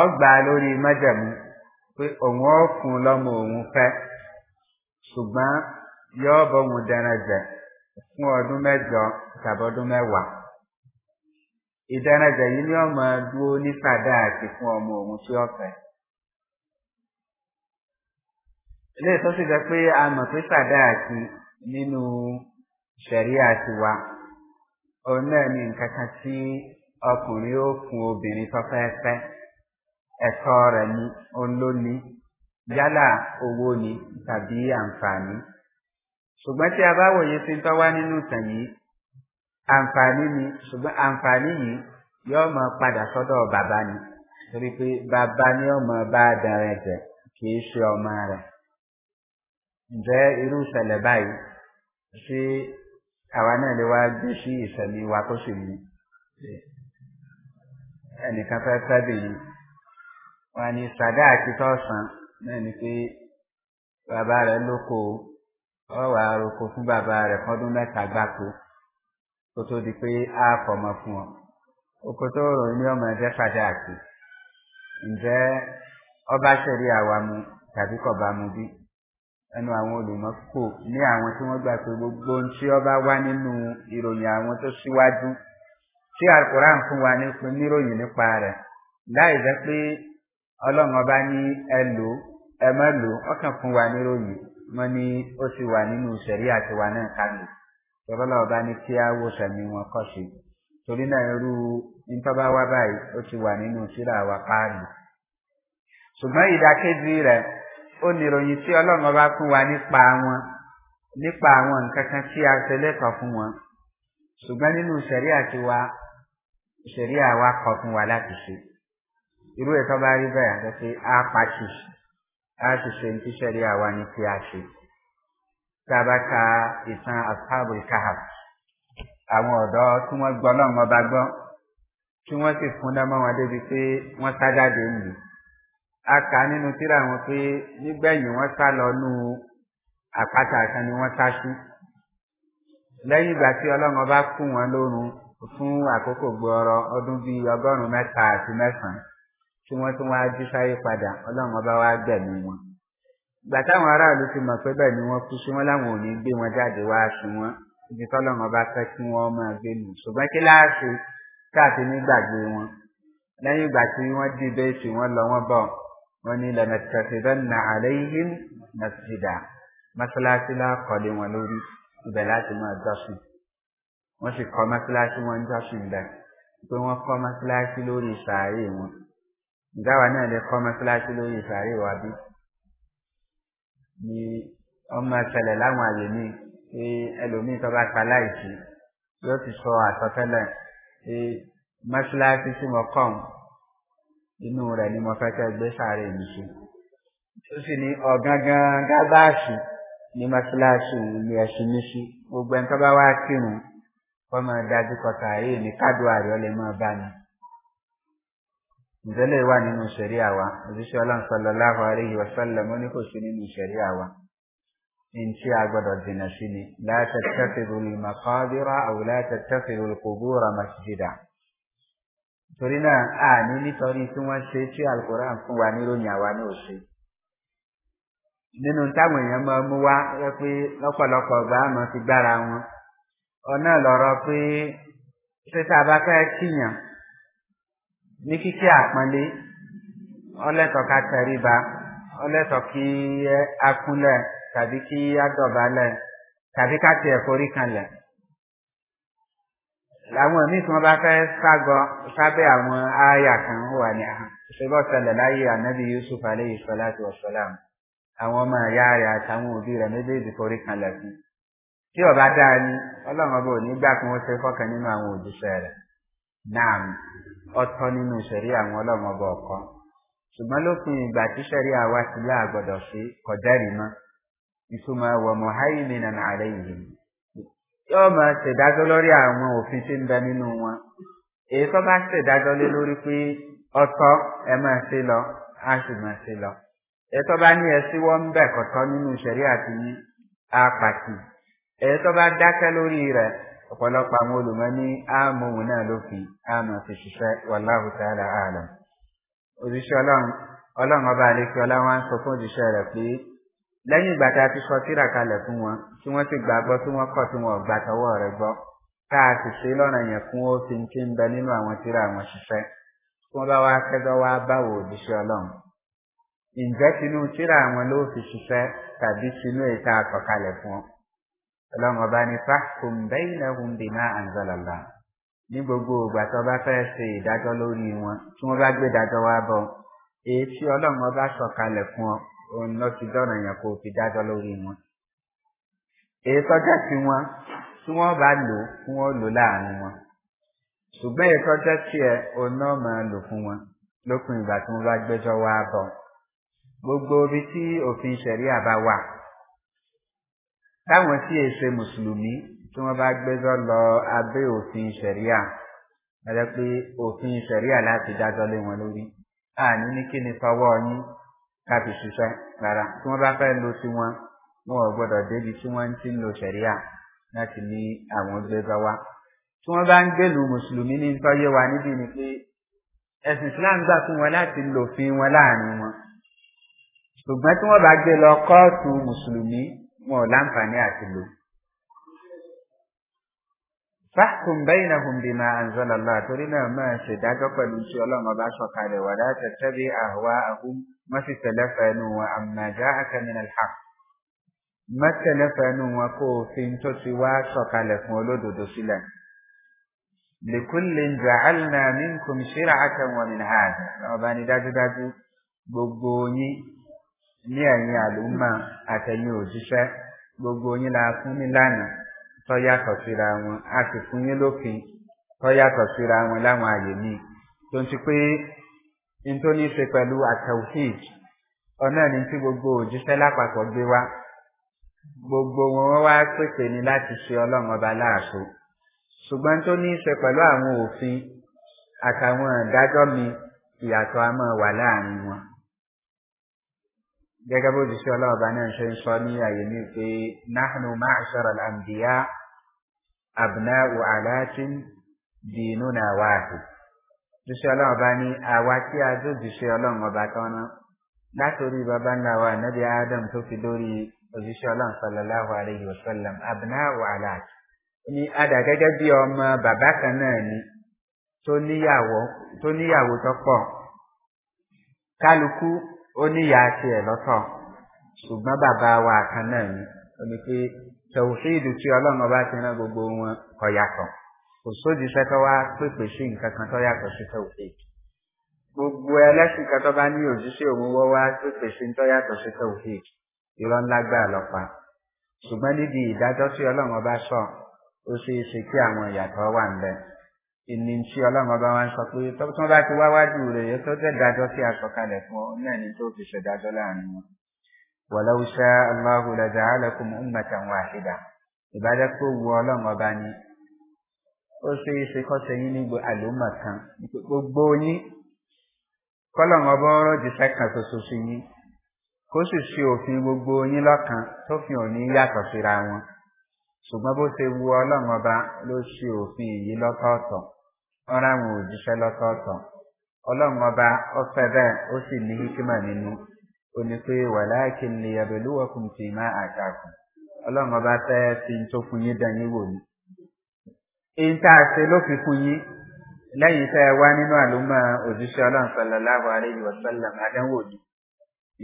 ọ gbà lórí májẹ̀mú pé òun ó fún lọ́mọ òun fẹ́ ṣùgbọ́n yóò bọ́hun dẹranjẹ fún ọdún mẹ́jọ tàbọ́dún mẹ́wàá ìdẹranjẹ yìí ni ọmọ dúró ní sàdáàtì fún ọmọ òun tí ó fẹ́ eléyìí tó sì jẹ́ pé a mọ̀ pé sàdáàkì nínú ṣẹ̀ríà tiwa òun náà ni nǹkan kan tí ọkùnrin ó kun obìnrin tó ẹ̀tọ́ rẹ̀ ni olóni yálà owó ni tàbí àǹfààní ṣùgbọ́n tí a bá wòye sí tó wá nínú ìtàn yìí àǹfààní ni ṣùgbọ́n àǹfààní yìí yóò mọ padà sọ́dọ̀ bàbá ni torí pé bàbá ni ó mọ bá dàrẹ́ jẹ kì í ṣe ọmọ rẹ̀ ǹjẹ́ irú ìṣẹ̀lẹ̀ báyìí ṣé àwa náà lè wá gbé sí ìṣẹ̀lẹ̀ wa tó sì mú ẹnìkan fẹ́ fẹ́bìnrin wọn ni sàdá àkítọ́ san náà ni pé bàbá rẹ̀ lóko ọwà roko fún bàbá rẹ̀ fọdún mẹ́ta gbáko kó tó di pé a fọmọ fún ọ oko tó rò ní ọmọ ẹ̀jẹ̀ sàdá àkí ǹjẹ́ ọba ṣẹ̀rí àwa mu tàbí kọ̀ mu bí ẹnu àwọn olùmọ́kò ní àwọn tí wọ́n gbà pé gbogbo ohun tí ọba wá nínú ìròyìn àwọn tó síwájú tí alukoran fún wa níròyìn nípa rẹ̀ láì jẹ́ pé ọlọ́run ọba ní ẹ lò ẹ mọ́ lò ọkàn fún wa níròyìn wọ́n ní ó ti wà nínú sẹ̀rí àtiwá náà kalẹ̀ tọ́lọ́lá ọba ní kí á wo sẹ̀mí wọn kọ́ sí torí náà irú nítọ́ba wá báyìí ó ti wà nínú síra wa páàlù ṣùgbọ́n ìdákéjì rẹ̀ ó ní ìròyìn tí ọlọ́run ọba fún wa nípa wọn nípa àwọn nǹkan kan tí a ṣe lẹ́kọ̀ọ́ fún wọn ṣùgbọ́n nínú ìṣẹ̀rí àti wa ìṣẹ̀rí àwa kọ̀ fún wa láti ṣe irú ẹ̀tọ́ bá rí bẹ́ẹ̀ àti pé a pàṣẹ a sì ṣe ní tíṣẹ̀rí àwa ni kí a ṣe tá a bá ka ìtàn àfáàbò ìkahàb àwọn ọ̀dọ́ tí wọ́n gbọ́ ọlọ́run ọba gbọ́ tí wọ́n sì fún dámọ́ wọn débi pé wọ́n sá jáde nìyí a kà nínú tíra wọn pé nígbẹ̀yìn wọ́n sá lọ nú àpáta kan ni wọ́n sá sí lẹ́yìn ìgbà tí ọlọ́run ọba kún wọn lórun fún àkókò gbọọrọ ọdún bíi ọgọ́rùn-ún mẹ́ta àti mẹ́sàn-án tí wọ́n tún wáá jí sáyé padà ọlọ́run ọba wáá gbẹ̀mí wọn ìgbà táwọn aráàlú ti mọ̀ pé bẹ́ẹ̀ ni wọ́n kú sí wọn láwọn ò ní gbé wọn jáde wáá sí wọn ibi tọ́lọ́run ọba fẹ́ kí wọ́n máa gbé nù ṣùgbọ́n kí láàṣì káàtì nígbàgbé wọn lẹ́yìn ìgbà tí wọ́n dìbẹ́ sí wọn lọ wọ́n bọ̀ wọ́n ní lẹ́nẹ̀tẹ̀fẹ̀dẹ́ nà àlẹ́yìn mẹ́sìdá mẹ́sàlásí lákọ̀ọ́lé wọn lórí ibẹ̀ láti máa jọ́sìn wọ́n sì kọ́ mẹ́sàlásí wọn jọ́sìn bẹ́ẹ̀ pé wọ́n kọ́ mẹ́sàlásí lórí sàárè wọn ìdáwà náà lè kọ́ mẹ́sàlásí lórí sàárè wa bí ni ọmọ ẹsẹ̀lẹ̀ láwọn àyè mi pé ẹlòmíì tó bá pa láìsí yóò ti sọ àsọtẹ́lẹ̀ pé mẹ́sàlásí tí mo kọ́ inú rẹ̀ ni mo fẹ́ kẹ́ gbé sáré mi ṣe ó sì ní ọ̀gángan gábáàsì ní mọ́ṣáláṣí ní ẹ̀sìn mi sí gbogbo ẹni tó bá wá kírun kọ́ máa dájú kọta yìí ní kádùn àríọ́ lè máa bá mi ìdẹ́lẹ̀ wà nínú ìṣẹ̀rí àwa òṣìṣẹ́ ọlọ́nsọ̀lọ́ láhùn àríyí wàsálẹ̀ mọ́ ní kò sí nínú ìṣẹ̀rí àwa ní tí a gbọ́dọ̀ dènà sí ni láti tẹ́fìrù lè màkọ́ bíra àwùlá tẹ́fìrù kò búra màsíjìdá torí náà àní nítorí tí wọ́n ṣe tí alukoran fún wa níròyìn àwa ní òṣè nínú táwọn èèyàn máa mú wá rẹ pé lọ́pọ̀lọpọ̀ ọgbà àmọ́ ti gbára wọn ọ̀nà lọ̀rọ̀ pé ṣíṣe abáfẹ́ kíyàn ní kíkí àpọ́nlé ọlẹ́tọ̀ ká tẹríba ọlẹ́tọ̀ kí akúnlẹ̀ tàbí kí adọ̀bálẹ̀ tàbí ká tiẹ̀ forí kanlẹ̀ làwọn míì tí wọ́n bá fẹ́ ságọ sábẹ́ àwọn àyà kan wà ní àhàn ìṣẹ́bọ̀ sẹlẹ̀ láyé ànábì yusuf aleyhi salatu wasalam àwọn ọmọ ìyá rẹ̀ àtàwọn òbí rẹ̀ méjèèjì forí kan lẹ̀kùn tí ọba dáa ni ọlọ́run ọba ò ní gbà kí wọ́n ṣe fọ́kàn nínú àwọn òjíṣẹ́ rẹ̀ náà ọtọ́ nínú ìṣẹ̀rí àwọn ọlọ́run ọba ọ̀kọ́ ṣùgbọ́n lópin ìgbà tí ṣẹ̀rí àwa ti láàgbọ̀dọ̀ sí kọjá rí mọ́ ìtumọ̀ wọ̀mọ̀ háyìmínà yóò máa ṣèdájọ́ lórí àwọn òfin tí ń bẹ nínú wọn èyí tó bá ṣèdájọ́ lé lórí pé ọtọ́ ẹ máa ṣe lọ á sì máa ṣe lọ èyí tó bá ní ẹsí wọ́n ń bẹ̀ kọ̀tọ́ nínú ìṣẹ̀rí àti ní apàtì èyí tó bá dákẹ́ lórí rẹ̀ ọ̀pọ̀lọpọ̀ àwọn olùmọ̀ ní ámòhùn náà ló fi ámọ̀ ṣiṣẹ́ wàláhù tààlà àlọ́ òjíṣẹ́ ọlọ́run ọlọ́run ọba àlékí ọlá wọn sọ fún òjíṣẹ́ rẹ̀ pé lẹ́yìn ìgbà tá a ti sọ síra kalẹ̀ fún wọn tí wọ́n ti gbàgbọ́ tí wọ́n kọ̀ tí wọn ò gbà tọwọ́ rẹ̀ gbọ́ tá a sì ṣe lọ́nà yẹn fún ó fi ń kí ń bẹ nínú àwọn síra àwọn ṣiṣẹ́ tí wọ́n bá wá kẹ́jọ́ wá báwo òjíṣẹ́ ọlọ́run ǹjẹ́ tinú síra àwọn ló fi ṣiṣẹ́ tàbí tinú èyí tá a kọ̀ kalẹ̀ fún wọn ọlọ́run ọba ní fáfún bẹ́yìn lẹ́hùn bí náà àǹzọ́lọ́lá ní gbogbo ìgbà tó bá fẹ́ ṣe ìdájọ́ lórí wọn tí wọ́n bá gbé ìdájọ́ wá bọ̀ èyí tí ọlọ́run ọba sọ̀kalẹ̀ fún ọ òun lọ ti dọ́nà yẹn kó o fi dájọ́ lórí wọn. èyí tọ́jà sí wọn tí wọ́n bá lò kí wọ́n lò láàrin wọn ṣùgbọ́n èyí tọ́jà sí ẹ òun náà máa lò fún wọn lópin ìgbà tí wọ́n bá gbẹ́jọ́ wá bọ̀. gbogbo ibi tí òfin ṣẹ̀ríà bá wà táwọn tí èyí ṣe mùsùlùmí tí wọ́n bá gbẹ́jọ́ lọ abẹ́ òfin ṣẹ̀ríà ẹ jẹ́ pé òfin ṣẹ̀ríà láti dájọ́ lé wọn lórí àní ní kí ni fọwọ́ yín ká fi ṣiṣẹ́ rárá tí wọ́n bá fẹ́ lo tiwọn wọn ò gbọ́dọ̀ débi tí wọ́n ti ń lo ṣẹ̀ríà láti ní àwọn gbégbá wa tí wọ́n bá ń gbèlú mùsùlùmí ní tọ́yé wa níbi ni pé ẹ̀sìn islam gbà fún wọn láti lòfin wọn láàrin wọn ṣùgbọ́n tí wọ́n bá gbé lọ kóòtù mùsùlùmí wọn ò láǹfààní àti lò. fáàkùn bẹ́yìn náà hùn bí àǹzọ́lọ́lá torí náà máa ṣèdájọ́ pẹ̀lú tí ọlọ́run ọba ṣọ̀kalẹ̀ wàdá tẹ̀tẹ́bí àwa àhún má sì tẹ̀lé fẹ́nu wọn àmàjá akẹ́mìnàl hàn má tẹ̀lé fẹ́nu wọn kó òfin tó ti wá sọ̀kalẹ̀ fún olódodo sílẹ̀ lèkúlè jàálnà mínkùn ṣíra àtẹwọn nìhàn ọba ni dájúdájú gbogbo yín ní ẹ̀yìn àlùmọ́ àtẹ̀yìn òjíṣẹ́ gbogbo yín la fún ní lánàá tó síra wọn a sì fún yín lófin tó síra wọn láwọn àyè míì tó ń ti pé tó ní ṣe pẹ̀lú àtẹ̀wòsíìd ọ̀nà ní tí gbogbo òjíṣẹ́ lápapọ̀ gbé wá gbogbo wọn wá pèpè ní láti ṣe ọlọ́run ọba láàṣọ ṣùgbọ́n tó ní ṣe pẹ̀lú àwọn òfin àtàwọn ìdájọ́ mi ìyàtọ̀ a máa wà láàrin wọn gẹ́gẹ́ bó jíṣẹ́ ọlọ́ọ̀bá náà ṣe ń sọ ní àyè ní pé náhùn máa ṣọ́rọ̀ àmdíyá àbúnáwò aláàtín dínú náà wáàdì jíṣẹ́ ọlọ́run bá ní àwa tí a dó jíṣẹ́ ọlọ́run ọba kan ná látòrí bàbá ńlá wa nàbí adam tó fi lórí òjíṣẹ́ ọlọ́run sọlọ́láhu aleyhi wasalam abiná wàhálà ní adà gẹ́gẹ́ bí ọmọ bàbá kan náà ni tó níyàwó tó pọ̀ kálukú ó níyà tiẹ̀ lọ́tọ̀ ṣùgbọ́n bàbá wa kan náà ni ó ní pé tòwúṣídù tí ọlọ́run ọba ti rán gbogbo wọn kọ̀ kò sóòjì sẹ́tọ́ wá pèpè sí nǹkan kan tó yàtọ̀ sí tẹ̀wé gbogbo ẹlẹ́sìn kan tó bá ní òjíṣẹ́ òun wọ́ wá pèpè sí tó yàtọ̀ sí tẹ̀wé irọ́ ńlá gbà lọ́pa ṣùgbọ́n níbi ìdájọ́ tí ọlọ́run ọba sọ ó ṣeé ṣe kí àwọn ìyàtọ̀ wà ń bẹ ìní tí ọlọ́run ọba wa ń sọ pé tó tún bá ti wáwájú rẹ̀ tó jẹ́ ìdájọ́ tí a sọ kalẹ̀ fún ọ náà ni tó fi ṣèdájọ́ láàrin wọn wọ̀lọ́wù ṣá aláhùn lẹ́jà alẹ́kùn mọ́mọ́tàn wàhídà ìbájẹ́ pé wu ọlọ́run ọba ni ó ṣe é ṣe kọ́sẹ̀ yín ní àlòmọ̀ kan gbogbo yín kọ́lọ̀mù ọba ọ̀rọ̀ jíṣẹ́ kan ṣoṣo sí yín kó sì ṣe òfin gbogbo yín lọ́kan tó fi hàn ní yàtọ̀ síra wọn ṣùgbọ́n bó ṣe wu ọlọ́run ọba ló ṣe òfin yìí lọ́tọ̀ọ̀tọ̀ ọ̀rọ̀ àwọn òjíṣẹ́ lọ́tọ̀ọ̀tọ̀ ọlọ́run ọba ó fẹ́ bẹ́ẹ̀ ó sì ní hikima nínú ó ní pé wàláàkì lè ẹ̀bẹ̀lúwọ̀kùn tì máa àṣàkùn ọlọ́run ọba fẹ́ fi tó fún yín dán wò ní èyí tá a ṣe ló fi fún yín lẹ́yìn tẹ́ ẹ wá nínú àlùmọ́ òjíṣẹ́ ọlọ́run sọlọ́láàbọ̀ àlejò ọ̀sọ́lọ́m adánwò ni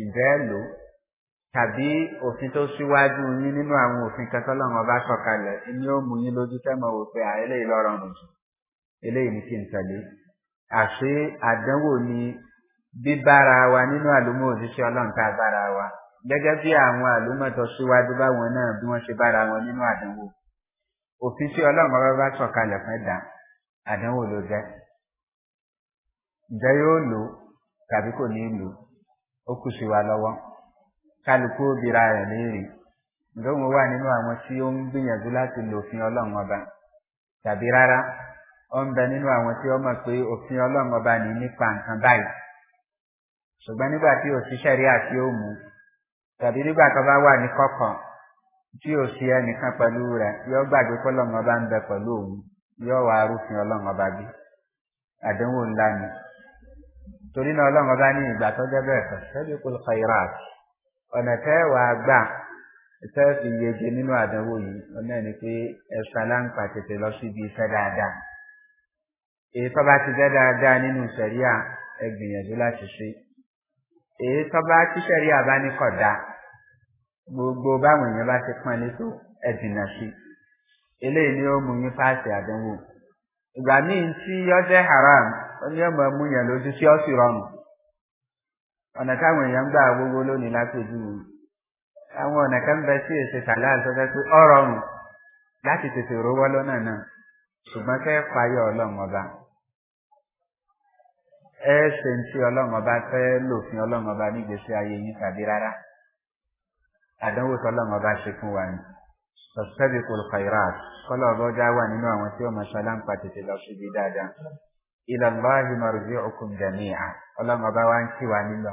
ìjẹ́ lò tàbí òfin tó síwájú yín nínú àwọn òfin kẹtọ́lọ́run ọba sọ̀kalẹ̀ ni ó mú yín lójú tẹ́mọ̀ wò pé à eléyìí lọ́rọ̀ rùn jù eléyìí ní kí n tẹ̀lé àṣé àdánwò ni bíbára wa nínú àlùmọ́ òjíṣẹ́ ọlọ́run tá a bára wa gẹ́gẹ́ bí àwọn àlùmọ́ tó síwájú báwọn náà bí wọ́n ṣe bára wọn nínú àdánwò òfin tí ọlọ́run bàbá bá sọ̀kalẹ̀ fẹ́ dà àdánwò ló jẹ́ ǹjẹ́ yóò lò tàbí kò ní lò ó kù sí wa lọ́wọ́ kálukú obìnrin rẹ̀ léèrè ǹjẹ́ òun wà nínú àwọn tí ó ń gbìyànjú láti lo òfin ọlọ́run ọba tàbí rárá ó ń bẹ nínú àwọn tí ó mọ̀ pé òfin ọlọ́run ọba ní nípa nǹkan báyìí ṣùgbọ́n nígbà tí òṣìṣẹ́ rí àti ó tàbí nígbà tó bá wà ní kọ̀ọ̀kan tí ò sí ẹnìkan pẹ̀lú rẹ̀ yọ gbàgbé kọ́lọ́mù ọba ń bẹ pẹ̀lú òun yọ wà arúfin ọlọ́mù ọba bí àdánwò ńlá ni torí náà ọlọ́mù ọba ní ìgbà tó jẹ́ bẹ́ẹ̀ fẹ́ẹ́ kó lọ́kọ̀ ìrà àti ọ̀nà tẹ́ wà gbà tẹ́ fi yege nínú àdánwò yìí ọ̀nà ni pé ẹ̀sán láǹpà tètè lọ síbi iṣẹ́ dáadáa èyí tó bá ti jẹ́ dáadáa nínú sẹ̀ríà ẹ láti ṣe èyí tó bá tíṣẹ̀ríà bá ní kọ̀dá gbogbo báwọn èèyàn bá ti pọn létò ẹ̀dìnà sí eléyìí ni ó mú yín fáàsì àdánwò ìgbà míì tí ọjẹ haram ó ní ọmọ mú yẹn lójú tí ó sì rọrùn ọ̀nà táwọn èèyàn gbà gbogbo lónìí lápèjú àwọn ọ̀nà kan bẹ sí èsì sàlá àtọ́jọ́ pé ọ rọrùn láti tètè rówó lọ́nà náà ṣùgbọ́n fẹ́ payọ́ ọlọ́run ọba ẹ ṣe ń tí ọlọ́run ọba fẹ́ lòfin ọlọ́run ọba nígbèsè ayé yín tàbí rárá àdánwò sọlọ́mọ bá ṣe fún wa ni sọ̀tẹ́bì kò kàìrà kọ́lọ̀ ọ̀bọ́já wà nínú àwọn tí ó mọ̀ṣọ́ láǹpa tètè lọ síbi dáadáa ìlàláhi mọ̀rùbí òkun jẹ̀míà ọlọ́mọ bá wá ń kí wa nílọ.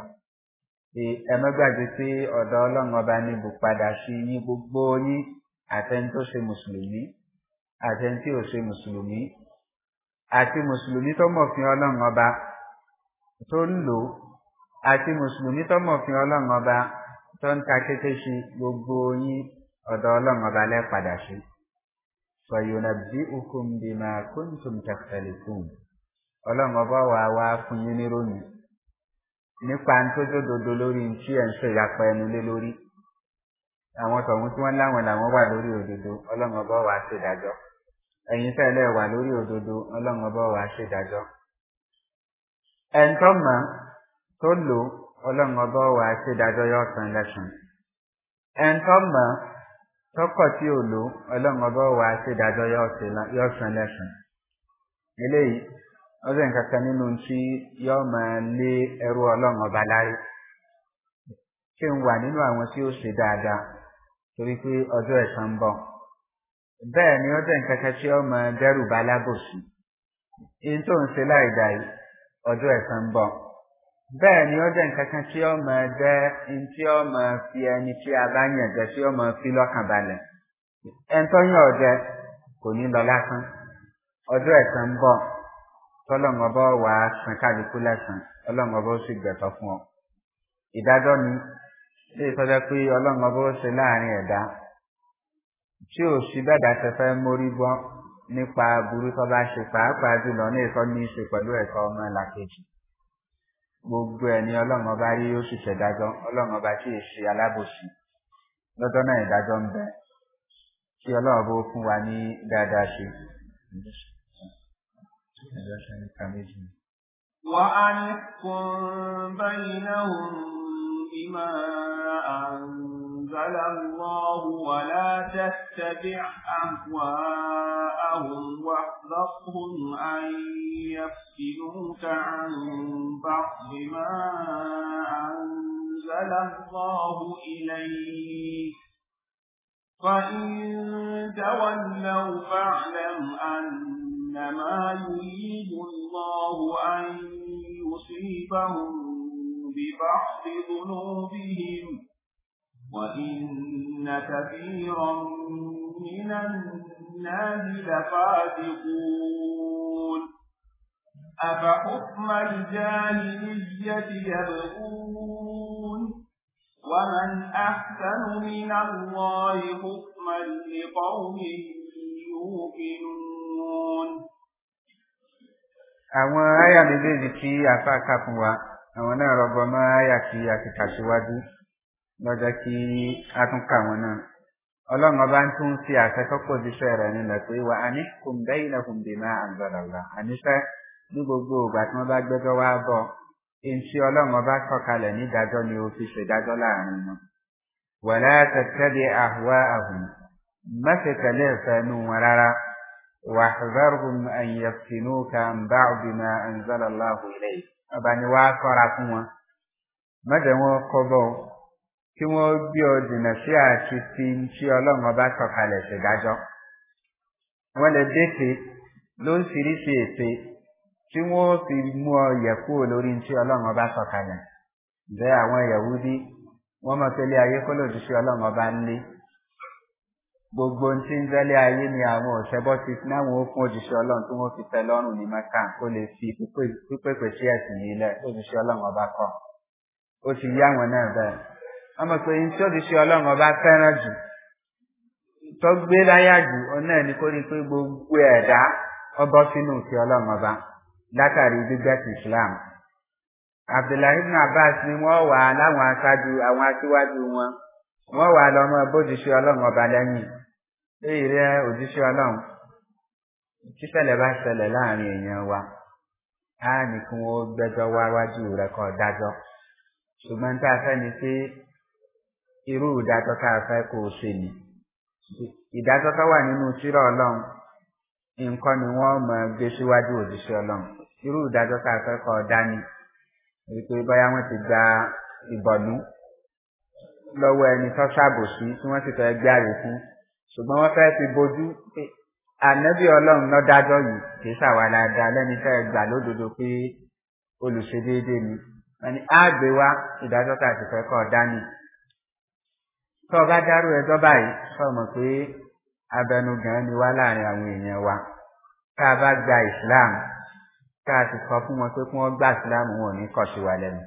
ẹ̀mọ́gbàgbé pé ọ̀dọ́ ọlọ́mọ bá ní bù padà sí ní gbogbo ní àtẹni tó ṣe mùsùlùmí àtẹni tí ò ṣe mùsùlùmí àti mùsùlùmí tó mọ̀fin ọlọ́mọ bá tó ń lò àti mùsùlùmí tó mọ̀fin ọlọ́mọ bá tó ń ta kété sí gbogbo yín ọ̀dọ̀ ọlọ́run ọba lẹ́padà sí fọyọ̀nàbí okùn bímọ kóńtùm tẹ̀sẹ̀lẹ̀kùn ọlọ́run ọba wà wá fún yín níròyìn nípa ntójódodo lórí tí ẹ̀ ń ṣe ìyapa ẹnu lé lórí àwọn tọ̀hún tí wọ́n láwọn làwọn wà lórí òdodo ọlọ́run ọba wà ṣèdájọ́ ẹ̀yin tẹ́lẹ̀ wà lórí òdodo ọlọ́run ọba wà ṣèdájọ́ ẹ̀ńtọ́mọ̀ tó lò ọlọ́run ọba wà á ṣe dájọ́ yọ ọ̀sán lẹ́sùn ẹ̀ńtọ́ mọ̀ tọkọ̀ tí ò lò ọlọ́run ọba wà á ṣe dájọ́ yọ ọ̀sán lẹ́sùn eléyìí ọjọ́ nǹkan kan nínú tí yọ máa lé ẹrú ọlọ́run ọba lárí ṣé wà nínú àwọn tí ó ṣe dáadáa torí pé ọjọ́ ẹ̀sán ń bọ̀ bẹ́ẹ̀ ni ọjọ́ nǹkan kan tí ó máa dẹ́rù bá lábòsí èyí tó ń ṣe láìdáyìí ọjọ́ ẹ̀sán ń bọ̀ bẹ́ẹ̀ ni ó jẹ́ nǹkan kan tí ó máa jẹ́ ní tí ó máa fi ẹni tí a bá yàn jẹ tí ó máa fi lọ́kàn balẹ̀ ẹni tó yàn ọ̀jẹ kò ní lọ lásán ọjọ́ ẹ̀san ń bọ̀ tọ́lọ́mọbọ́ wà á san kálukú lẹ́san ọlọ́mọbọ́ sì gbẹ̀tọ̀ fún ọ ìdájọ́ ni ṣé ìtọ́jọ́ pé ọlọ́mọbọ́ ṣe láàrin ẹ̀dá tí ò sí bẹ́ẹ̀dá ṣe fẹ́ mórí bọ́ nípa burú bá ṣe pàápàá jùlọ ní ìtọ́ ní í ṣe pẹ̀lú ẹ̀kọ́ ọmọ làkejì gbogbo ẹni ọlọ́run ọba rí ó sì tẹ̀dájọ́ ọlọ́run ọba tí èsì alábòsí lọ́jọ́ náà ìdájọ́ ń bẹ kí ọlọ́run bó fún wa ní dáadáa ṣe. وأن بينهم بما أنزل أنزل الله ولا تتبع أهواءهم واحذرهم أن يفتنوك عن بعض ما أنزل الله إليك فإن تولوا فاعلم أنما يريد الله أن يصيبهم ببعض ذنوبهم وإن كثيرا من الناس لفاسقون أفحكم الجاهلية يبغون ومن أحسن من الله حكما لقوم يوقنون àwọn àyà méjèèjì tí àfa kà fún wa àwọn náà rọgbọ mọ àyà tí a ti kà síwájú lọ́jọ́ kí a tún kà wọn náà ọlọ́run ọba ń tún fi àṣẹ tọ́pọ̀ jíṣẹ́ rẹ̀ nílẹ̀ pé wà á ní kùnbẹ́yìn náà kùnbẹ́ máa àgbàlagbà àníṣẹ́ ní gbogbo ìgbà tí wọ́n bá gbẹ́jọ́ wá bọ̀ èyí tí ọlọ́run ọba sọ̀kalẹ̀ nídàájọ́ ni o fi ṣèdájọ́ láàrin wọn. wàlá tẹ̀tẹ̀lé àhùwá àhùn mẹ́sẹ̀ tẹ̀lé ẹ̀fẹ́ nù wọn rárá wàhùzárùn àyẹ̀fínú kan bá òbínà àǹzálàláhùn ilẹ̀ ọba kí wọ́n gbé ọ dìnà sí àti fi ń tí ọlọ́run ọba sọ̀kalẹ̀ ṣèdájọ́ wọ́n lè dẹ́tẹ̀ lóríṣiríṣi ète tí wọ́n fi mú ọ yẹ̀ kúrò lórí ń tí ọlọ́run ọba sọ̀kalẹ̀ bẹ́ẹ̀ àwọn ìyàwó bí wọ́n mọ̀ pé ilé ayé kọ́ sí ọlọ́run ọba ń lé gbogbo ń tí ń zẹ́lẹ̀ ayé ni àwọn òṣèbọ́ ti náwọn òkun òjìṣẹ́ ọlọ́run tí wọ́n fi tẹ lọ́rùn ní mẹ́ka kó lè fi pípèpè sí ẹ̀sìn yìí lẹ̀ lójìṣẹ́ ọlọ́run ọba kọ́ ó ti yá àwọn náà bẹ́ẹ̀ ọmọ pé ní tí ó ti ṣe ọlọ́run ọba fẹ́ràn jù tó gbé láyà jù ọ̀nà ẹ̀ ní kó rí pé gbogbo ẹ̀dá ọbọ̀ sínú ti ọlọ́run ọba látàrí gbígbẹ́ ti islam abdullahi ibn abbas ni wọ́n wà láwọn aṣáájú àwọn aṣíwájú wọn wọ́n wà lọ́mọ bójúṣe ọlọ́run ọba lẹ́yìn èyí rẹ òjíṣẹ́ ọlọ́run tíṣẹ̀lẹ̀ bá ṣẹlẹ̀ láàrin èèyàn wa á nìkan ó gbẹjọ́ wá wájú rẹ̀ kọ́ dájọ́ ṣùgbọ́n tá a fẹ́ ni pé irú ìdájọ́ tá a fẹ́ kó o ṣe ni ìdájọ́ tó wà nínú sírọ̀ ọlọ́run nǹkan ni wọ́n mọ̀ gbé síwájú òjíṣẹ́ ọlọ́run irú ìdájọ́ tá a fẹ́ kọ́ ọ dání wípé bóyá wọ́n ti gba ìbọ̀nú lọ́wọ́ ẹni tó ṣàbòsí tí wọ́n sì fẹ́ gbé àríkú ṣùgbọ́n wọ́n fẹ́ fi bojú pé ànábì ọlọ́run lọ́ yìí kì í ṣàwàdàdà lẹ́ni fẹ́ gbà lódodo pé olùṣedéédé ni wọ́n ní àgbéwá ìdájọ́ tá a sì fẹ́ kọ́ ọ dání tọ́ bá dárú ẹjọ́ báyìí sọ̀mọ̀ pé abẹnugan ni wá láàrin àwọn èèyàn wa tá a bá gba islam tá a sì sọ fún wọn pé kí wọ́n gba islam wọn ò ní kọ̀ wa lẹ́nu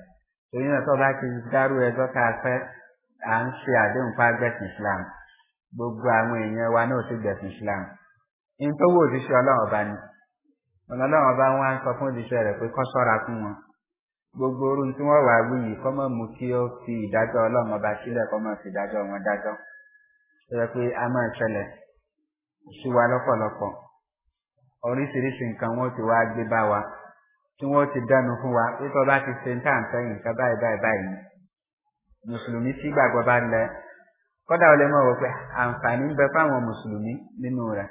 èyí náà tọ́ bá ti dárú ẹjọ́ tá a fẹ́ à ń ṣe àdéhùn fún agbẹ̀sìn islam gbogbo àwọn èèyàn wa náà ti gbẹ̀sìn islam ní tó wò òjíṣẹ́ ọlọ́run ọba ni ọlọ́run ọba wọn á sọ fún òjíṣẹ́ rẹ̀ pé kọ́ sọ́ra fún wọn gbogbo orun tí wọ́n wà wí yìí kọ́mọ̀ mú kí ó fi ìdájọ́ ọlọ́run ọba sílẹ̀ kọ́mọ̀ fi ìdájọ́ wọn dájọ́ tó yẹ pé a máa ṣẹlẹ̀ sí wa lọ́pọ̀lọpọ̀ oríṣiríṣi nǹkan wọn ti wá gbé bá wa tí wọ́n ti dánu fún wa pé tọ́ bá ti ṣe ń tà ń fẹ́yìn nǹkan báyìí báyìí báyìí mùsùlùmí tí gbàgbọ́ bá lẹ kọ́dà ó lè mọ̀ wọ́n pé àǹfààní ń bẹ fáwọn mùsùlùmí nínú rẹ̀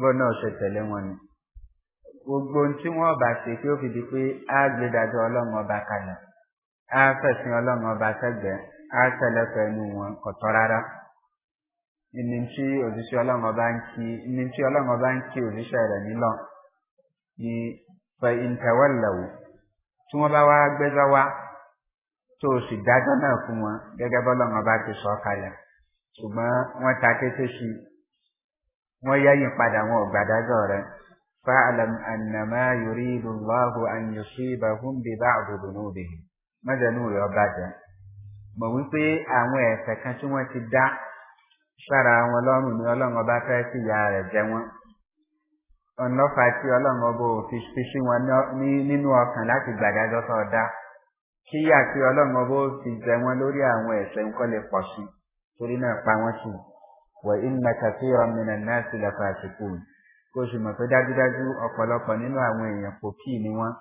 bọ́ọ̀ náà ṣe tẹ̀lé wọn ni gbogbo tí wọ́n bá ṣe kí ó fi di pé á gbé dájọ́ ọlọ́run ọba kalẹ̀ á fẹ̀sìn ọlọ́run ọba sẹ́gbẹ̀ẹ́ á tẹ̀lẹ́fẹ̀ ẹnu wọn kọ̀tọ́ rárá ìní tí òṣìṣẹ́ ọlọ́run ọba ń kí ìní tí ọlọ́run ọba ń kí òṣìṣẹ́ rẹ̀ nílọ ni fẹ ìntẹ̀wẹ́lẹ̀wò tí wọ́n bá wá gbẹ́jọ́ wá tó o sì dájọ́ náà fún wọn gẹ́gẹ́ bọ́lọ́run ọba ti sọ kalẹ̀ ṣùgbọ́n wọ́n ta kété sí i wọ́n yẹ́yìn padà wọn ò gbàdájọ́ rẹ̀ فاعلم أن ما يريد الله أن يصيبهم ببعض ذنوبهم ماذا نقول يا باجا mo wí pé àwọn ẹ̀ṣẹ̀ kan tí wọ́n ti dá sára wọn lọ́rùn ni ọlọ́run ọba fẹ́ sí ìyá rẹ̀ jẹ wọ́n ọlọ́fà tí ọlọ́run ọba ò fi sí wọn nínú ọkàn láti gbàdájọ́ tó dá kíyà tí ọlọ́run ọba ó fi jẹ wọ́n lórí àwọn ẹ̀ṣẹ̀ nǹkan lè pọ̀ sí torí náà pa wọ́n sí wọ̀ ìmọ̀tàfíà mìíràn náà sì lè fàṣìkò yìí kó sì mọ̀ pé dájúdájú ọ̀pọ̀lọpọ̀ nínú àwọn èèyàn kò kí ni wọ́n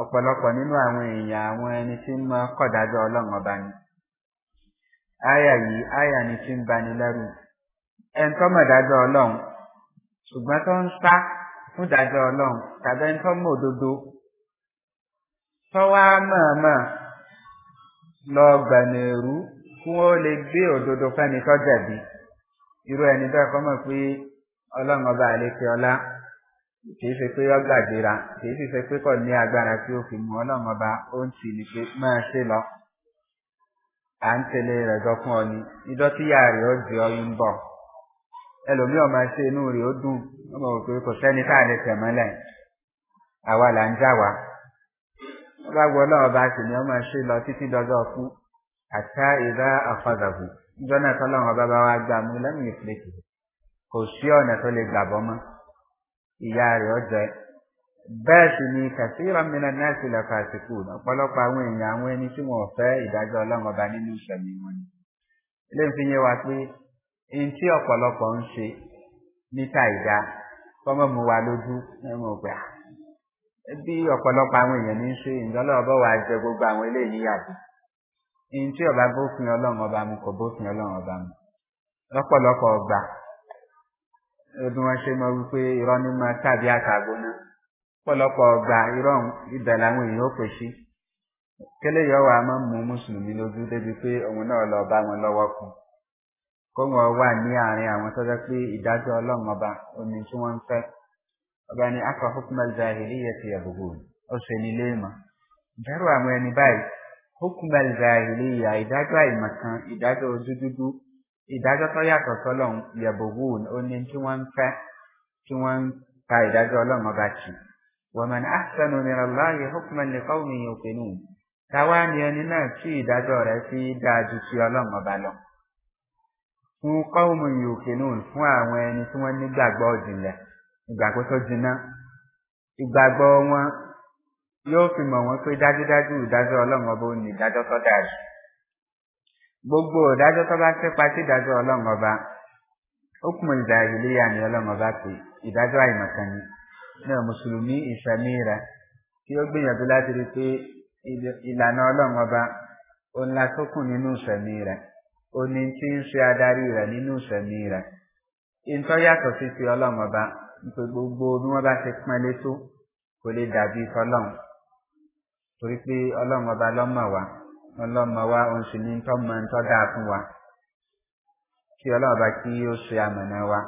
ọ̀pọ̀lọpọ̀ nínú àwọn èèyàn àwọn ẹni tí ń mọ kọ̀dájọ́ ọlọ́run ọba ni. áyà yìí áyà ni tí ń bani lẹ́rù ẹni tó mọ̀ dájọ́ ọlọ́run ṣùgbọ́n tó ń sá fún dájọ́ ọlọ́run tàbí ẹni tó mọ̀ òdodo tọ́wá mọ̀ọ́mọ̀ lọ gbànà èrú kí wọ́n lè gbé òdodo fẹ́ni tó jẹ̀bi irú ẹni bẹ́ẹ̀ kọ́ mọ̀ pé ọlọ́run ọba àlékè ọlá kìí ṣe pé ọgbàdéra kìí sì ṣe pé kò ní agbára tí ó fi mú ọlọ́run ó ń ṣe lọ à ń tẹ̀lé rẹ̀ fún ọ ni idọ́ tí yàrá rẹ̀ ó di ọyún bọ̀ ṣe inú rẹ̀ ó dùn ọmọ kò sẹ́ni tá à lè wa wọ́n bá gbọ́ lọ títí dọ́jọ́ ìdá náà bá wá gbà mú kò sí ọ̀nà tó lè gbàbọ́ mọ́ ìyá rẹ̀ ọjọ́ bẹ́ẹ̀ sì ni kàṣírà mìíràn náà sì lọ́kọ̀ àsìkò ọ̀pọ̀lọpọ̀ àwọn èèyàn àwọn ẹni tí wọ́n fẹ́ ìdájọ́ ọlọ́run ọba nínú ìṣẹ̀mí wọn ni eléyìí fi yé wa pé ẹni tí ọ̀pọ̀lọpọ̀ ń ṣe níta ìdá kọ́mọ́ mu wa lójú ẹ̀mọ́ ògbà ah, bí ọ̀pọ̀lọpọ̀ àwọn èèyàn ní ṣe ìjọlọ́ wa jẹ gbogbo àwọn eléyìí níyàtọ̀ ẹni tí ọba bí wọ́n ṣe mọ wípé irọ́ ní máa tàbí àtàgbò náà pọ̀lọpọ̀ ọgbà irọ́ ibẹ̀ làwọn èèyàn ó pè sí kẹ́lẹ́ yọ wà máa ń mú mùsùlùmí lójú débi pé òun náà lọ bá wọn lọ́wọ́ kù kó wọn wà ní àárín àwọn tó pé ìdájọ́ ọlọ́run ọba omi tí wọ́n ń fẹ́ ọba ni akọ hukumar zahiri yẹ ti ẹ̀bùbù ó ṣe ní ilé ìmọ̀ ìdárò àwọn ẹni báyìí hukumar zahiri yà ìdájọ́ àìmọ̀kan ìdájọ́ ojú dúdú ìdájọ́ tó yàtọ̀ sọ́lọ́run yẹ̀bùgù ó ní tí wọ́n ń fẹ́ tí wọ́n ń pa ìdájọ́ ọlọ́run ọba kì wọ́n mọ̀ ní àṣìṣẹ́nu mìíràn láàyè hókùnmọ̀ nìkan òun èèyàn òkè nù táwa ni ẹni náà tí ìdájọ́ rẹ̀ fi dáa ju ti ọlọ́run ọba lọ. fún kọ́ọ̀mù yòókè nù fún àwọn ẹni tí wọ́n nígbàgbọ́ ìjìnlẹ̀ ìgbàgbọ́ tó jiná ìgbàgbọ́ wọn yóò fi mọ̀ wọ́n pé dájúdájú ìdájọ́ ọlọ́run ọba ò ní ìdájọ́ tó dáa jù gbogbo ìdájọ́ tó bá sépa sí ìdájọ́ ọlọ́run ọba ó kún mọ ìdá ìlúyà ní ọlọ́run ọba pé ìdájọ́ àìmọ̀kan ni náà mùsùlùmí ìsàmìíra tí ó gbìyànjú láti rí pé ìlànà ọlọ́run ọba ó ńlá tó kù nínú ìsàmìíra ó ní tí ń ṣe adarí rẹ̀ nínú ìsàmìíra ìtọ́ yàtọ̀ sí ti ọlọ́run ọba nítorí gbogbo bí wọ́n bá ṣe pọ́n lé tó kò lè dàbí tọ́lọ́run torí pé ọlọ́run ọba lọ́mọ̀ wá ọlọ́mọ wa òun sì ní tọ́mọ ń tọ́dà fún wa kí ọlọ́ọ̀bá kí ó ṣe àmọ̀nà wa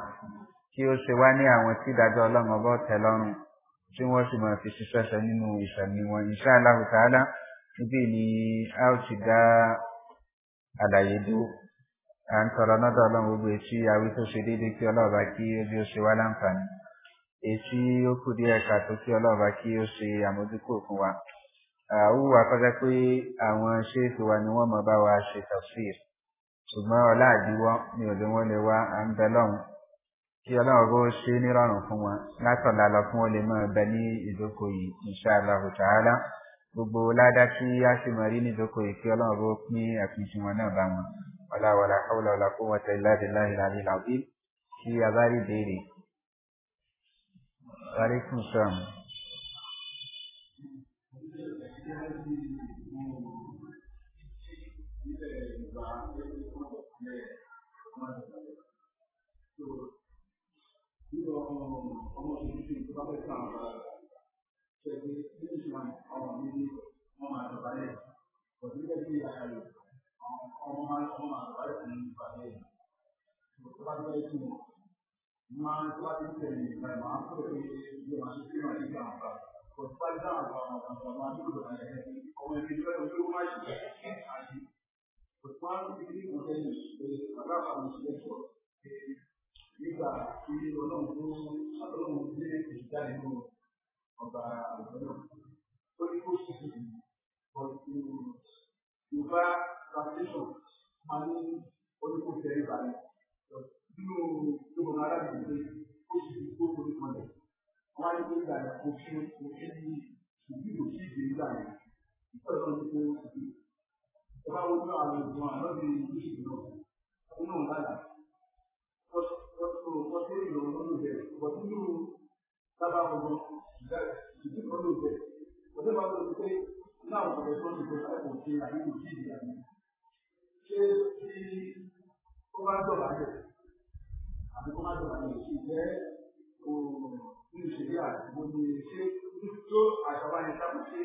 kí ó ṣe wá ní àwọn tí ìdájọ́ ọlọ́run ọbọ̀ tẹ̀ lọ́rùn tí wọ́n sì máa fi ṣiṣẹ́ sọ nínú ìṣẹ̀mí wọn ìṣe aláhùtàálá níbí ni a ó ti dá àlàyé dúró à ń tọrọ lọ́dọ̀ ọlọ́run gbogbo etí àwí tó ṣe déédéé kí ọlọ́ọ̀bá kí ó bí ó ṣe wá láǹfààní èyí ó kù díẹ̀ kàtó kí ọlọ́ọ̀bá kí ó ṣe àmójúkò fún wa àwùwà kọjá pé àwọn ṣéèkì wa ni wọ́n mọ̀ bá wa ṣe tafsir ṣùgbọ́n ọlá àdíwọ́ ní òde wọn lè wá à ń bẹ lọ́hùn kí ọlọ́run bó ṣe nírọ̀rùn fún wọn látọ̀lá lọ fún wọn lè máa bẹ ní ìdókò yìí insha Allah gbogbo ládá tí a sì mọ̀ rí ní ìdókò yìí kí ọlọ́run bó pín àpínṣin wọn náà bá wọn ọlá wàlá hawla wàlá quwwata illa billahi al-aliyyil azim kí a bá rí ìbéèrè. wa alaykum máa ń wá tẹ̀lé ìgbà ìmọ̀ àpò ìgbìmọ̀ àti ìgbìmọ̀ àti ìgbà Por faz não, não, não, não ajuda, né? Como ele vai o jogo mais assim. Por quanto que digo que ele abraça um sujeito que diga que o não do adoro um direito de dar no para o não. Por isso que porque o vá da pessoa, mas o não confere vale. No no nada de o que o que manda wọ́n á ní pé ìgbà yẹn kò ṣe kò ní ìdí kò sí ìdí nígbà yẹn ìfẹ́ lọ sí pé ó ẹ bá wọ́n ní àwọn ìgbọ̀n àlọ́bí ìlú ìlú náà nínú ìlànà wọ́n ṣe ìlú ọdún bẹ̀rẹ̀ wọ́n ti ní sábà ọmọ ìdí kan ló bẹ̀rẹ̀ wọ́n ti máa ń lọ pé náà ọ̀rọ̀ tó ń sọ láì kò ṣe àbí kò sí ìdí àná ṣé tí ó nínú ìṣẹ̀lẹ̀ àgbo ní ṣé tó àṣàbá ni sábà ṣe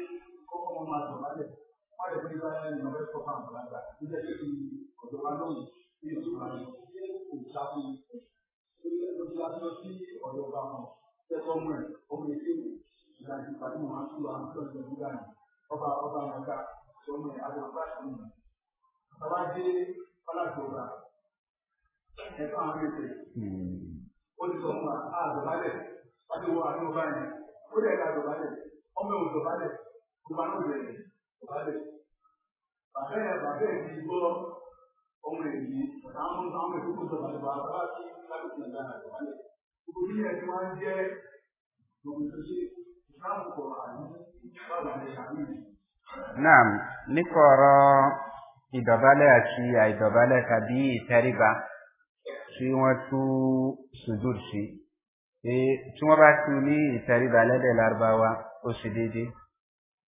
kọ́kọ́ mọ́ máa dùn lálẹ́ wọ́n lè fún ìgbà ní ọ̀rẹ́ tó fà wọn lágbà nígbà tó fi ọ̀dọ̀ wa lóhùn ní ìlú wa ní òkúta fún mi ló ti láti lọ sí ọ̀dọ̀ ọba kan tẹ́tọ́ mọ́ ẹ̀ ọmọ èké ìlànà ìpàdé mọ́ máa ń tún àwọn tó ń lọ nígbà ní ọba ọba mọ́ta tó mọ́ ẹ̀ àgbà bá ṣe mọ́ bàbá dé ọlágbọ̀ọ̀gà ẹ̀fọ́ àwọn ẹ̀fẹ̀ ó ti sọ fún wa àgbàbálẹ̀ wọ́n ti wọ àti ọba yẹn ó dẹ̀ ka dọ̀bá lẹ̀ ọmọ ìwò dọ̀bá lẹ̀ dọ̀bá ló dẹ̀ lẹ̀ dọ̀bá lẹ̀ bàbá yẹn bàbá yẹn ti gbọ́ ọmọ yẹn yìí àwọn àwọn ìdókòwò dọ̀bá lẹ̀ bàbá ti láti tẹ̀ dáná dọ̀bá lẹ̀ gbogbo yìí yẹn ti wá ń jẹ́ Naam, nípa ọ̀rọ̀ ìdọ̀bálẹ̀ àti àìdọ̀bálẹ̀ tàbí ìtẹríba tí wọ́n tú sùdúr sí pé tí wọ́n bá ti ní ìtẹríba lẹ́dẹ̀ lárúbáwá ó ṣe déédéé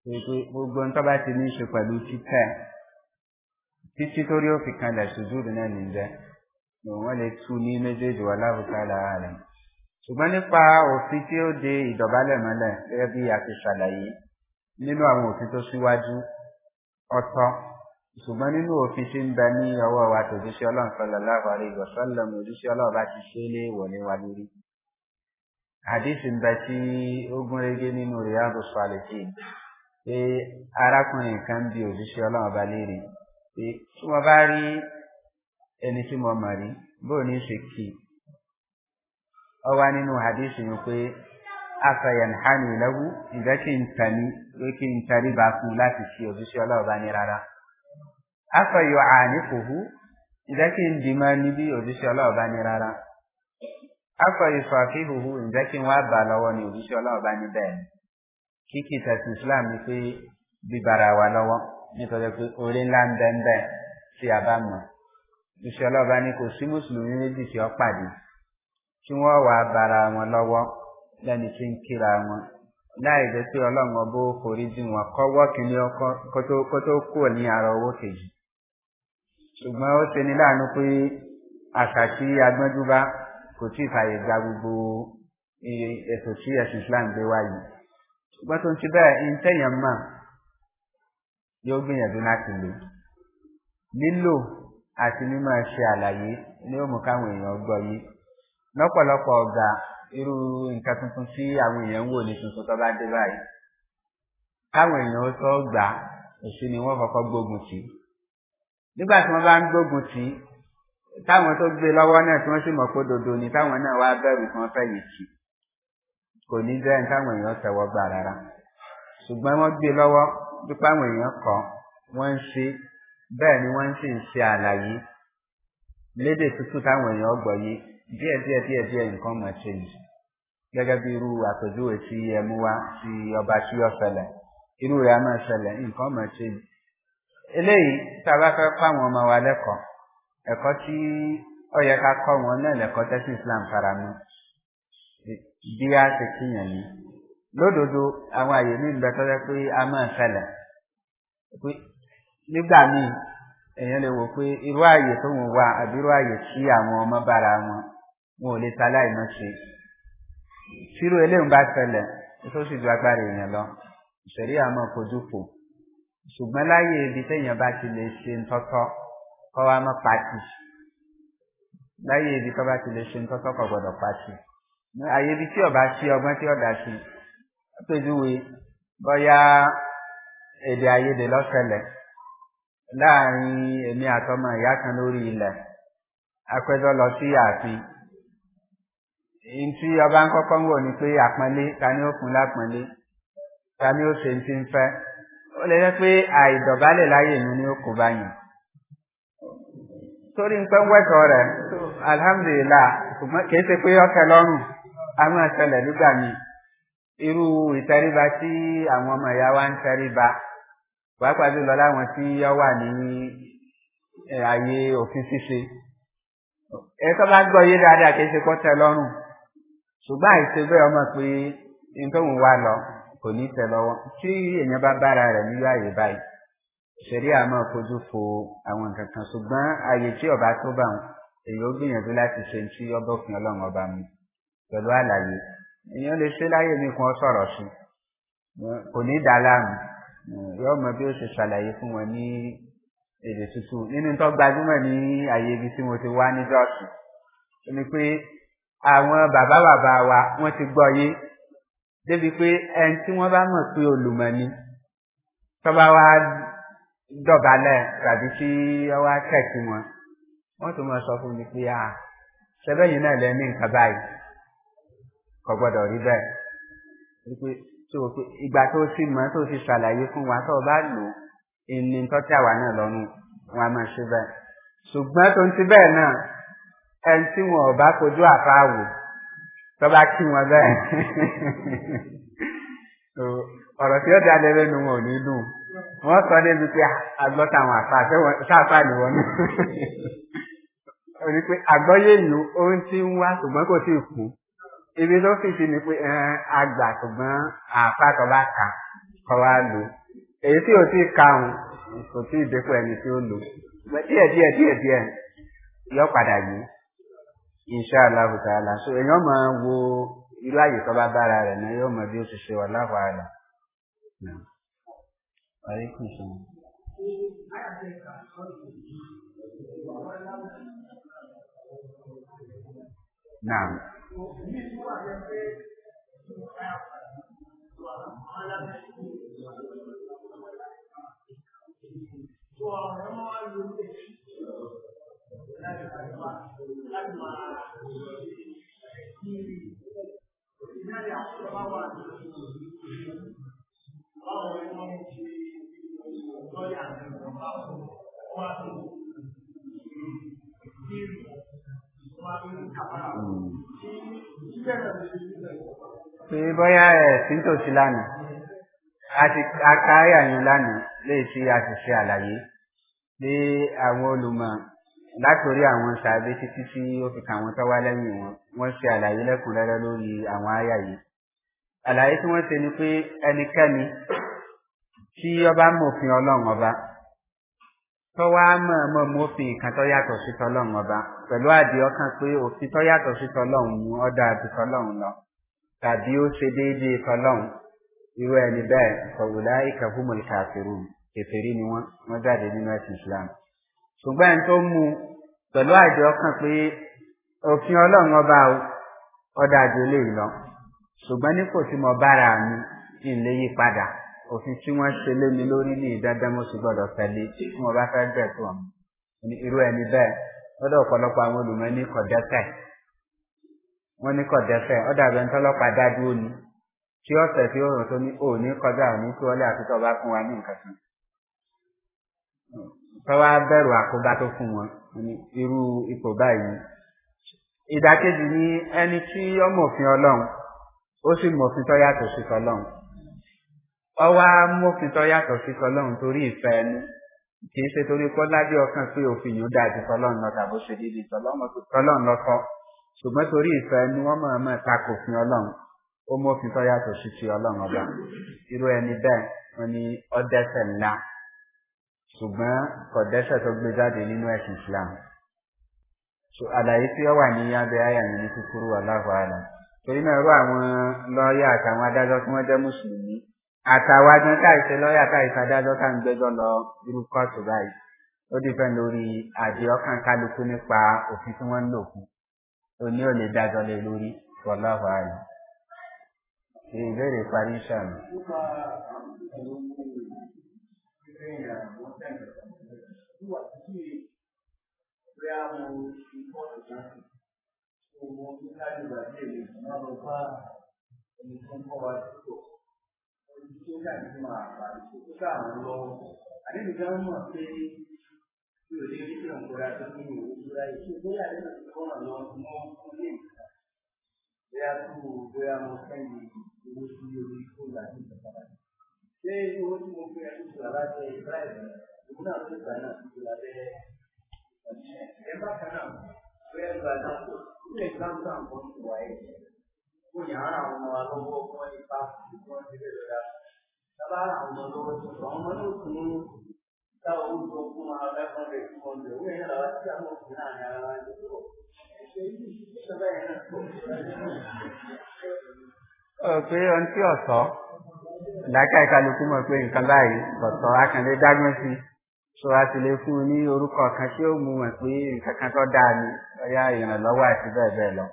pé gbogbo nǹkan bá ti ní í ṣe pẹ̀lú títẹ̀ títí torí ó fi kanlẹ̀ ṣùjúdù náà nìjẹ́ wọ́n lè tú ní méjèèjì wà láwùjọ àlàáhàlẹ̀ ṣùgbọ́n nípa òfin tí ó de ìdọ̀bálẹ̀ mọ́lẹ̀ gẹ́gẹ́ bí a ti ṣàlàyé nínú àwọn òfin tó síwájú ọtọ́ ṣùgbọ́n nínú òfin tí ń bẹ ní ọwọ́ wa tòjúṣe ọlọ́run sọlọ láàbọ̀ àríwọ̀ sọlọ mọ̀ ojúṣe ọlọ́run bá ti ṣe é léèwọ̀ ní wa lórí hadith ń bẹ tí ó gún régé nínú riyadu salihin pé arákùnrin kan bí òṣìṣẹ́ ọlọ́run ọba léèrè pé tí wọ́n bá rí ẹni tí mo mọ̀ rí bóò ní ṣe kì í ọ wá nínú hadith yìí pé afẹyàn hànú ìlẹ́wù ǹjẹ́ kí n tàní pé kí n tàrí bá fún láti ṣe òṣìṣẹ́ ọlọ́run ọba ní rárá afẹyọ àníkòhú ǹjẹ́ kí n dì máa ní òṣìṣẹ́ ọlọ́run ọba ní rárá afa ìfàfihùhù ǹjẹ́ kí wọ́n bà lọ́wọ́ ni òjíṣẹ́ ọlọ́ọ̀bá ní bẹ́ẹ̀ ni kíkì tẹ̀sí islam ni pé bíbara wa lọ́wọ́ nítorí pé orí ńlá ń bẹ́ ń bẹ́ tí a bá mọ̀ òjíṣẹ́ ọlọ́ọ̀bá ní kò sí mùsùlùmí méjì tí ó pàdé tí wọ́n wà bara wọn lọ́wọ́ lẹ́ni tí ń kíra wọn láì jẹ́ pé ọlọ́run ọbó forí dì wọn kọ́wọ́ kìíní kó tó kúrò ní ara owó kejì ṣùgbọ́n ó ṣe ní láàánú pé àṣà tí agbọ́njú bá kò tí ì fàyè gba gbogbo ètò tí ẹ̀sìn islam gbé wáyé ṣùgbọ́n tó ń ti bẹ́ẹ̀ ń tẹ̀yàn mọ̀ yóò gbìyànjú láti lè lílò àti mímọ̀ ṣe àlàyé ni ó mú káwọn èèyàn gbọ́ yé lọ́pọ̀lọpọ̀ ọ̀gá irú nǹkan tuntun tí àwọn èèyàn ń wò ní tuntun tó bá dé báyìí káwọn èèyàn ó tọ́ gbà èṣù ni wọ́n kọ́kọ́ gbógun tì nígbà tí wọ́n bá ń gbógun tì táwọn tó gbé lọ́wọ́ náà tí wọ́n sì mọ̀ pé dodo ni táwọn náà wá bẹ̀rù kan fẹ̀yìn tì kò ní jẹ́ táwọn èèyàn tẹ̀wọ́ gbà rárá ṣùgbọ́n wọ́n gbé lọ́wọ́ pípa àwọn èèyàn kọ́ wọ́n ń ṣe bẹ́ẹ̀ ni wọ́n sì ń ṣe àlàyé lédè tuntun táwọn èèyàn gbọ́ yé díẹ̀ díẹ̀ díẹ̀ díẹ̀ nǹkan mọ̀ change gẹ́gẹ́ bí irú àpèjúwe tí ẹ mú wá tí ọba tí yọ ṣẹlẹ̀ irú rẹ̀ á máa ṣẹlẹ̀ nǹkan mọ̀ change eléyìí tá a bá fẹ́ fáwọn ọmọ wa lẹ́kọ̀ọ́ ẹ̀kọ́ tí ó yẹ ká kọ́ wọn náà lẹ́kọ́ tẹ́sí islam fara mọ́ bí a ṣe kíyàn ní lódodo àwọn àyè ní ìgbà tó yẹ pé a máa ṣẹlẹ̀ pé nígbà míì èèyàn lè wò pé irú àyè tó wọn wà àbí irú àyè tí àwọn ọmọ bára wọn wọn ò lè ta láìmọ́ ṣe tírú eléyìí bá ṣẹlẹ̀ tó sì ju agbára èèyàn lọ ìṣẹ̀rí àmọ́ kojú fò ṣùgbọ́n láyé ibi téèyàn bá ti lè ṣe ń tọ́tọ́ kọ́ wa mọ́ pàtì láyé ibi kọ́ bá ti lè ṣe nǹkan sọ́kọ̀ gbọ́dọ̀ pàtì àyè ibi tí ọba ṣe ọgbọ́n tí ọ̀dà ṣe pèjúwe bọ́yá èdè àyèdè lọ́sẹ̀lẹ̀ láàrin èmi àtọmọ ìyá kan lórí ilẹ̀ apẹjọ́ lọ sí ààfin ntí ọba ń kọ́kọ́ ń wò ni pé àpọ́nlé ta ni ni sórí nǹkan wẹ́tọ̀ rẹ̀ alhamdulilah ṣùgbọ́n kìí ṣe pé ọ̀tẹ̀ lọ́rùn a máa ṣẹlẹ̀ nígbà mi irú ìtẹríba tí àwọn ọmọ ìyá wa ń tẹríba pàápàá jùlọ láwọn tí yọ wà ní ààyè òfin ṣíṣe ẹ tó bá gbọ́ yé dáadáa kìí ṣe pọ́ tẹ lọ́rùn ṣùgbọ́n àìṣe bẹ́ẹ̀ ọmọ pé nǹkan òun wà lọ kò ní tẹ lọ́wọ́ tí èèyàn bá bára rẹ̀ nílò àyè báyìí ṣẹ̀rí àmọ́ kojú fo àwọn nǹkan kan ṣùgbọ́n ààyè tí ọba tó bá wọn èyí ó gbìyànjú láti ṣe tí ọbọ̀ fún ọlọ́run ọba mi pẹ̀lú àlàyé èèyàn lè ṣe láyè mi kún ọ sọ̀rọ̀ sí kò ní dá láàmú yóò mọ bí ó ṣe ṣàlàyé fún wọn ní èdè tútù nínú tó gbajúmọ̀ ní àyè ibi tí mo ti wá ní dọ́ọ̀sì ó pé àwọn bàbá bàbá wa wọ́n ti gbọ́ yé débi pé ẹni tí wọ́n bá mọ̀ pé olùmọ̀ ni tọ́ba wa dọ̀bálẹ̀ tàbí tí ọwọ́ akẹ́kì wọn wọ́n tún mọ̀ sọ fún mi pé a ṣẹbẹ́yìn náà lẹ ní nǹkan báyìí kò gbọ́dọ̀ rí bẹ́ẹ̀ wípé tó o pé ìgbà tó o sì mọ̀ tó o sì ṣàlàyé fún wa tó o bá lò ìní tọ́tí àwa náà lọ́nu wọn a máa ṣe bẹ́ẹ̀ ṣùgbọ́n tó ń ti bẹ́ẹ̀ náà ẹni tí wọn ò bá kojú àfáàwò tó bá kí wọn bẹ́ẹ̀ *laughs* ọ̀rọ̀ tí ó dá lẹ́lẹ́nu wọn ò ní dùn wọ́n sọ débi pé àgbọ́ta àwọn àpàṣẹ sáàpà nìwọ ní orí pé àgbọ́yé ìlú ohun tí ń wá ṣùgbọ́n kò sí ìkú ibi tó fi sí ni pé àgbà ṣùgbọ́n àpàtọ̀ bá kà kọ́ wá lò èyí tí ò tí ì kàrùn kò tí ì dépò ẹni tí ó lò díẹ̀ díẹ̀ díẹ̀ díẹ̀ yọ padà yìí iṣẹ́ aláwùjáàlà so èèyàn máa wo iláyè tó bá bára rẹ̀ náà yóò mọ bí ó ti ṣe wà láwàá rẹ̀ náà. Aleykoum chanou. Aleykoum chanou. pé bóyá ẹ̀sìn tòsí lánàá akáyà yẹn lánàá lè fi àṣìṣe àlàyé pé àwọn olùmọ̀ látòrí àwọn sàbẹ títí tí ó fi kà wọn tọ́wá lẹ́yìn wọn wọ́n ṣe àlàyé lẹ́kùnrẹ́rẹ́ lórí àwọn àyà yìí àlàyé tí wọ́n ṣe ni pé ẹnikẹ́ni tí ọba mòfin ọlọ́run ọba tọ́wá mọ̀ mọ̀ mòfin nǹkan tó yàtọ̀ sí tọ́lọ́run ọba pẹ̀lú àdé ọkàn pé òfin tó yàtọ̀ sí tọ́lọ́run mú ọ̀dà àti tọ́lọ́run lọ tàbí ó ṣe déédéé tọ́lọ́run irú ẹni bẹ́ẹ̀ ìfọ̀wùlá ìkàhùmọ̀ ìkàfẹ́rù kẹfẹ́rí ni wọ́n wọ́n jáde nínú ẹ̀sìn islam ṣùgbọ́n ẹni tó mú pẹ̀lú àdé ọkàn pé òfin ọlọ́run ọba ọ̀dà àjò lè lọ ṣùgbọ́n nípò tí mo bára mi ń padà òfin tí wọ́n ṣe lé mi lórí ní ìdádámọ́sí gbọ́dọ̀ tẹ̀lé tí wọ́n bá fẹ́ bẹ̀ tó wọn ní irú ẹni bẹ́ẹ̀ lọ́dọ̀ ọ̀pọ̀lọpọ̀ àwọn olùmọ̀ ní kọ̀dẹ́fẹ̀ wọ́n ní kọ̀dẹ́fẹ̀ ọ̀dà bẹ́ẹ̀ ńtọ́lọ́pàá dájú ó ní tí ọ̀sẹ̀ tí ó rùn tó ní ò ní kọjá òní tí wọ́lé àtúntò bá fún wa ní nǹkan kan tọ́wọ́ bẹ̀rù àkóbá tó fún wọn irú ipò báyìí ìdákejì ní ẹni tí ọmọ òfin ọlọ́run ó sì mọ òfin tó yàtọ̀ sí tọlọ́run ọwá mọ́fin tọ́ yàtọ̀ sí tọlọ́run torí ìfẹ́ ẹnu kìí ṣe torí kọ́ lábẹ́ ọkàn pé òfin yóò dáa ju tọlọ́run lọ tàbó ṣe dídí tọlọ́run lọ́kọ́ ṣùgbọ́n torí ìfẹ́ ẹnu wọ́n mọ̀ mọ̀ takò fún ọlọ́run ó mọ́fin tọ́ yàtọ̀ sí ti ọlọ́run ọba irú ẹni bẹ́ẹ̀ wọn ni ọdẹ́sẹ̀ ńlá ṣùgbọ́n kọ̀dẹ́sẹ̀ tó gbé jáde nínú ẹ̀sìn islam àlàyé tí ó wà ní abẹ́ àyà ní kúkúrú aláhùn àlà torí náà irú àwọn lọ́ọ̀yà àtàwọn adájọ́ tí wọ́n jẹ́ mùsùlùmí àtàwọn agbọn tá ìṣe lọ́yà tá ìṣàdájọ́ tá ń gbẹ́jọ́ lọ irú kóòtù báyìí ó dìfẹ́ lórí àdé ọkàn kálukú nípa òfin tí wọ́n ń lò fún oní ò lè dájọ́ lé lórí ìbéèrè parí sàmì. iṣẹ́ láti fi máa fà á sáà ń lọ. Àdébìgá mọ̀ pé mi ò lè rí kí ọ̀n kóra tó nínú ìṣúra iṣẹ́ bóyá ní ọ̀nà lọ mọ́ ilé ìta. Bóyá tó bóyá mo sẹ́yìn owó sí orí fóònù àti ìjọba. Ṣé owó tí mo fi ẹni sọ aláṣẹ ìbáyìí òun náà tó gbà náà tó lábẹ́ ẹ bá náà bóyá gba náà ilé gbàgbà nǹkan tó wáyé. Kò ní ara àwọn ọmọ alọ́wọ́ fún ipa ìgbọ́n sílẹ̀ lọ́dà. ọ bụ Roma no sul, está usando uma versão de quando o melhor se anunciar na área do sul. pé ohun tí ọ̀sọ́ ìdáká mọ̀ pé nǹkan báyìí ọ̀sọ́ dágbọ́n sí so a sì lè fún un ní orúkọ kan tí ó mú mọ̀ pé nǹkan kan tó dáa ni ọ̀yá ìrànlọ́wọ́ àti bẹ́ẹ̀ bẹ́ẹ̀ lọ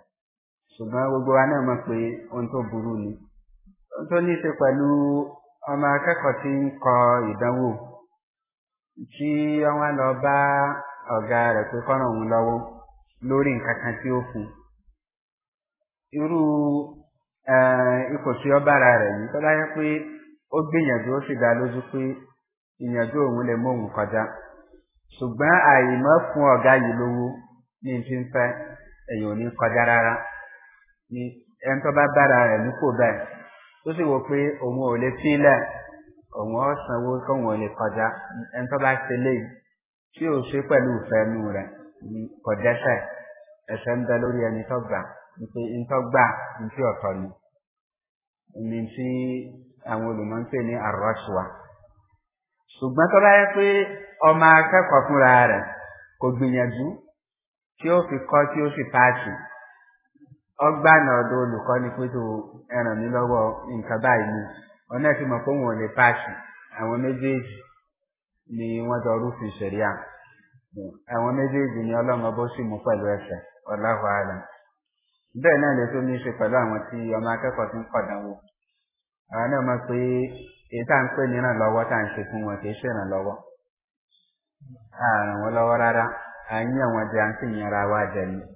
ṣùgbọ́n gbogbo wa náà mọ̀ pé ohun tó ni ohun tó ọmọ akẹ́kọ̀ọ́ ti ń kọ ìdánwò tí wọ́n lọ bá ọ̀gá rẹ̀ pé kọ́nà òun lọ́wọ́ lórí nǹkan kan tí ó fún irú ipò tí ó bára rẹ̀ yìí tó pé ó gbìyànjú ó sì dá lójú pé ìyànjú òun lè mú òun kọjá ni ẹni tó bá bára rẹ̀ nípò tó sì wò pé òun ò lè fílẹ̀ òun ò sanwó kóun ò lè kọjá ẹni tó bá ṣe léyìí tí ò ṣe pẹ̀lú ìfẹ́nu rẹ̀ kọjẹ́sẹ̀ ẹ̀ṣẹ̀ ń bẹ lórí ẹni tó gbà nípe ní tó gbà ní tí ọ̀tọ̀ ni ní tí àwọn olùmọ̀ ń pè ní àrọ́ṣùwà ṣùgbọ́n tó bá yẹ pé ọmọ akẹ́kọ̀ọ́ fúnra rẹ̀ kò gbìyànjú tí ó fi kọ́ tí ó sì páàkì ọgbà gba nọdụ olùkọ́ ni pé tó ẹràn mi lọ́wọ́ nǹkan báyìí ni ọ̀nà tí mo pé wọn ò lè páàsì àwọn méjèèjì ni wọ́n jọ rúfin ṣẹ̀ríà àwọn méjèèjì ni ọlọ́run ọbọ̀ sì mú pẹ̀lú ẹsẹ̀ ọ̀làwọ̀ àlà bẹ́ẹ̀ náà lè tó ní í ṣe pẹ̀lú àwọn tí ọmọ akẹ́kọ̀ọ́ ti ń kọ̀dánwò àwọn náà mọ̀ pé èyí tá à ń pè ní ìrànlọ́wọ́ tá à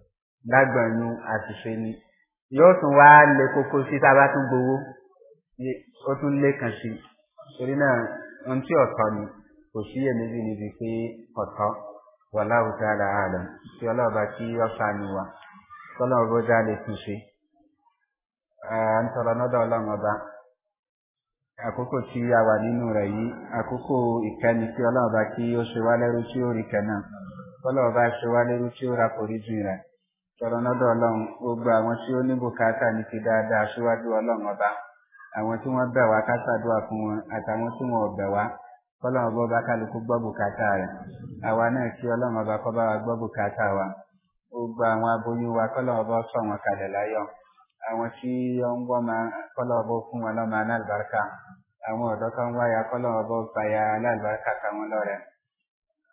lágbàáyún àṣìṣe ni yóò tún wá lè koko sí tá a tún gbowó ó tún lé kan sí torí náà ohun tí ọ̀tọ̀ ni kò sí èméjì níbi pé ọ̀tọ̀ wà láwùjọ ara rẹ̀ tí ọlọ́ọ̀bá ni wà tọ́lọ́ọ̀ lè ọba àkókò tí a wà nínú rẹ̀ yìí àkókò ìkẹni tí kí ó ṣe wá lẹ́rú tí ó rí kẹ náà ṣe wá lẹ́rú tí ó kò rí jù rẹ̀. tọrọnọdọ ọlọ́run gbogbo àwọn tí ó ní bùkátà ní ti dáadáa síwájú ọlọ́run ọba àwọn tí wọ́n bẹ̀ wá ká ṣàdúrà fún wọn àtàwọn tí wọn ò bẹ̀ wá kọ́lọ́run ọba ọba kálukú gbọ́ bùkátà rẹ̀ àwa náà kí ọlọ́run ọba kọ́ bá wa gbọ́ bùkátà wa gbogbo àwọn aboyún wa kọ́lọ́run ọba sọ wọn kalẹ̀ láyọ̀ àwọn tí wọ́n ń máa kọ́lọ́run ọba fún wọn lọ́mọ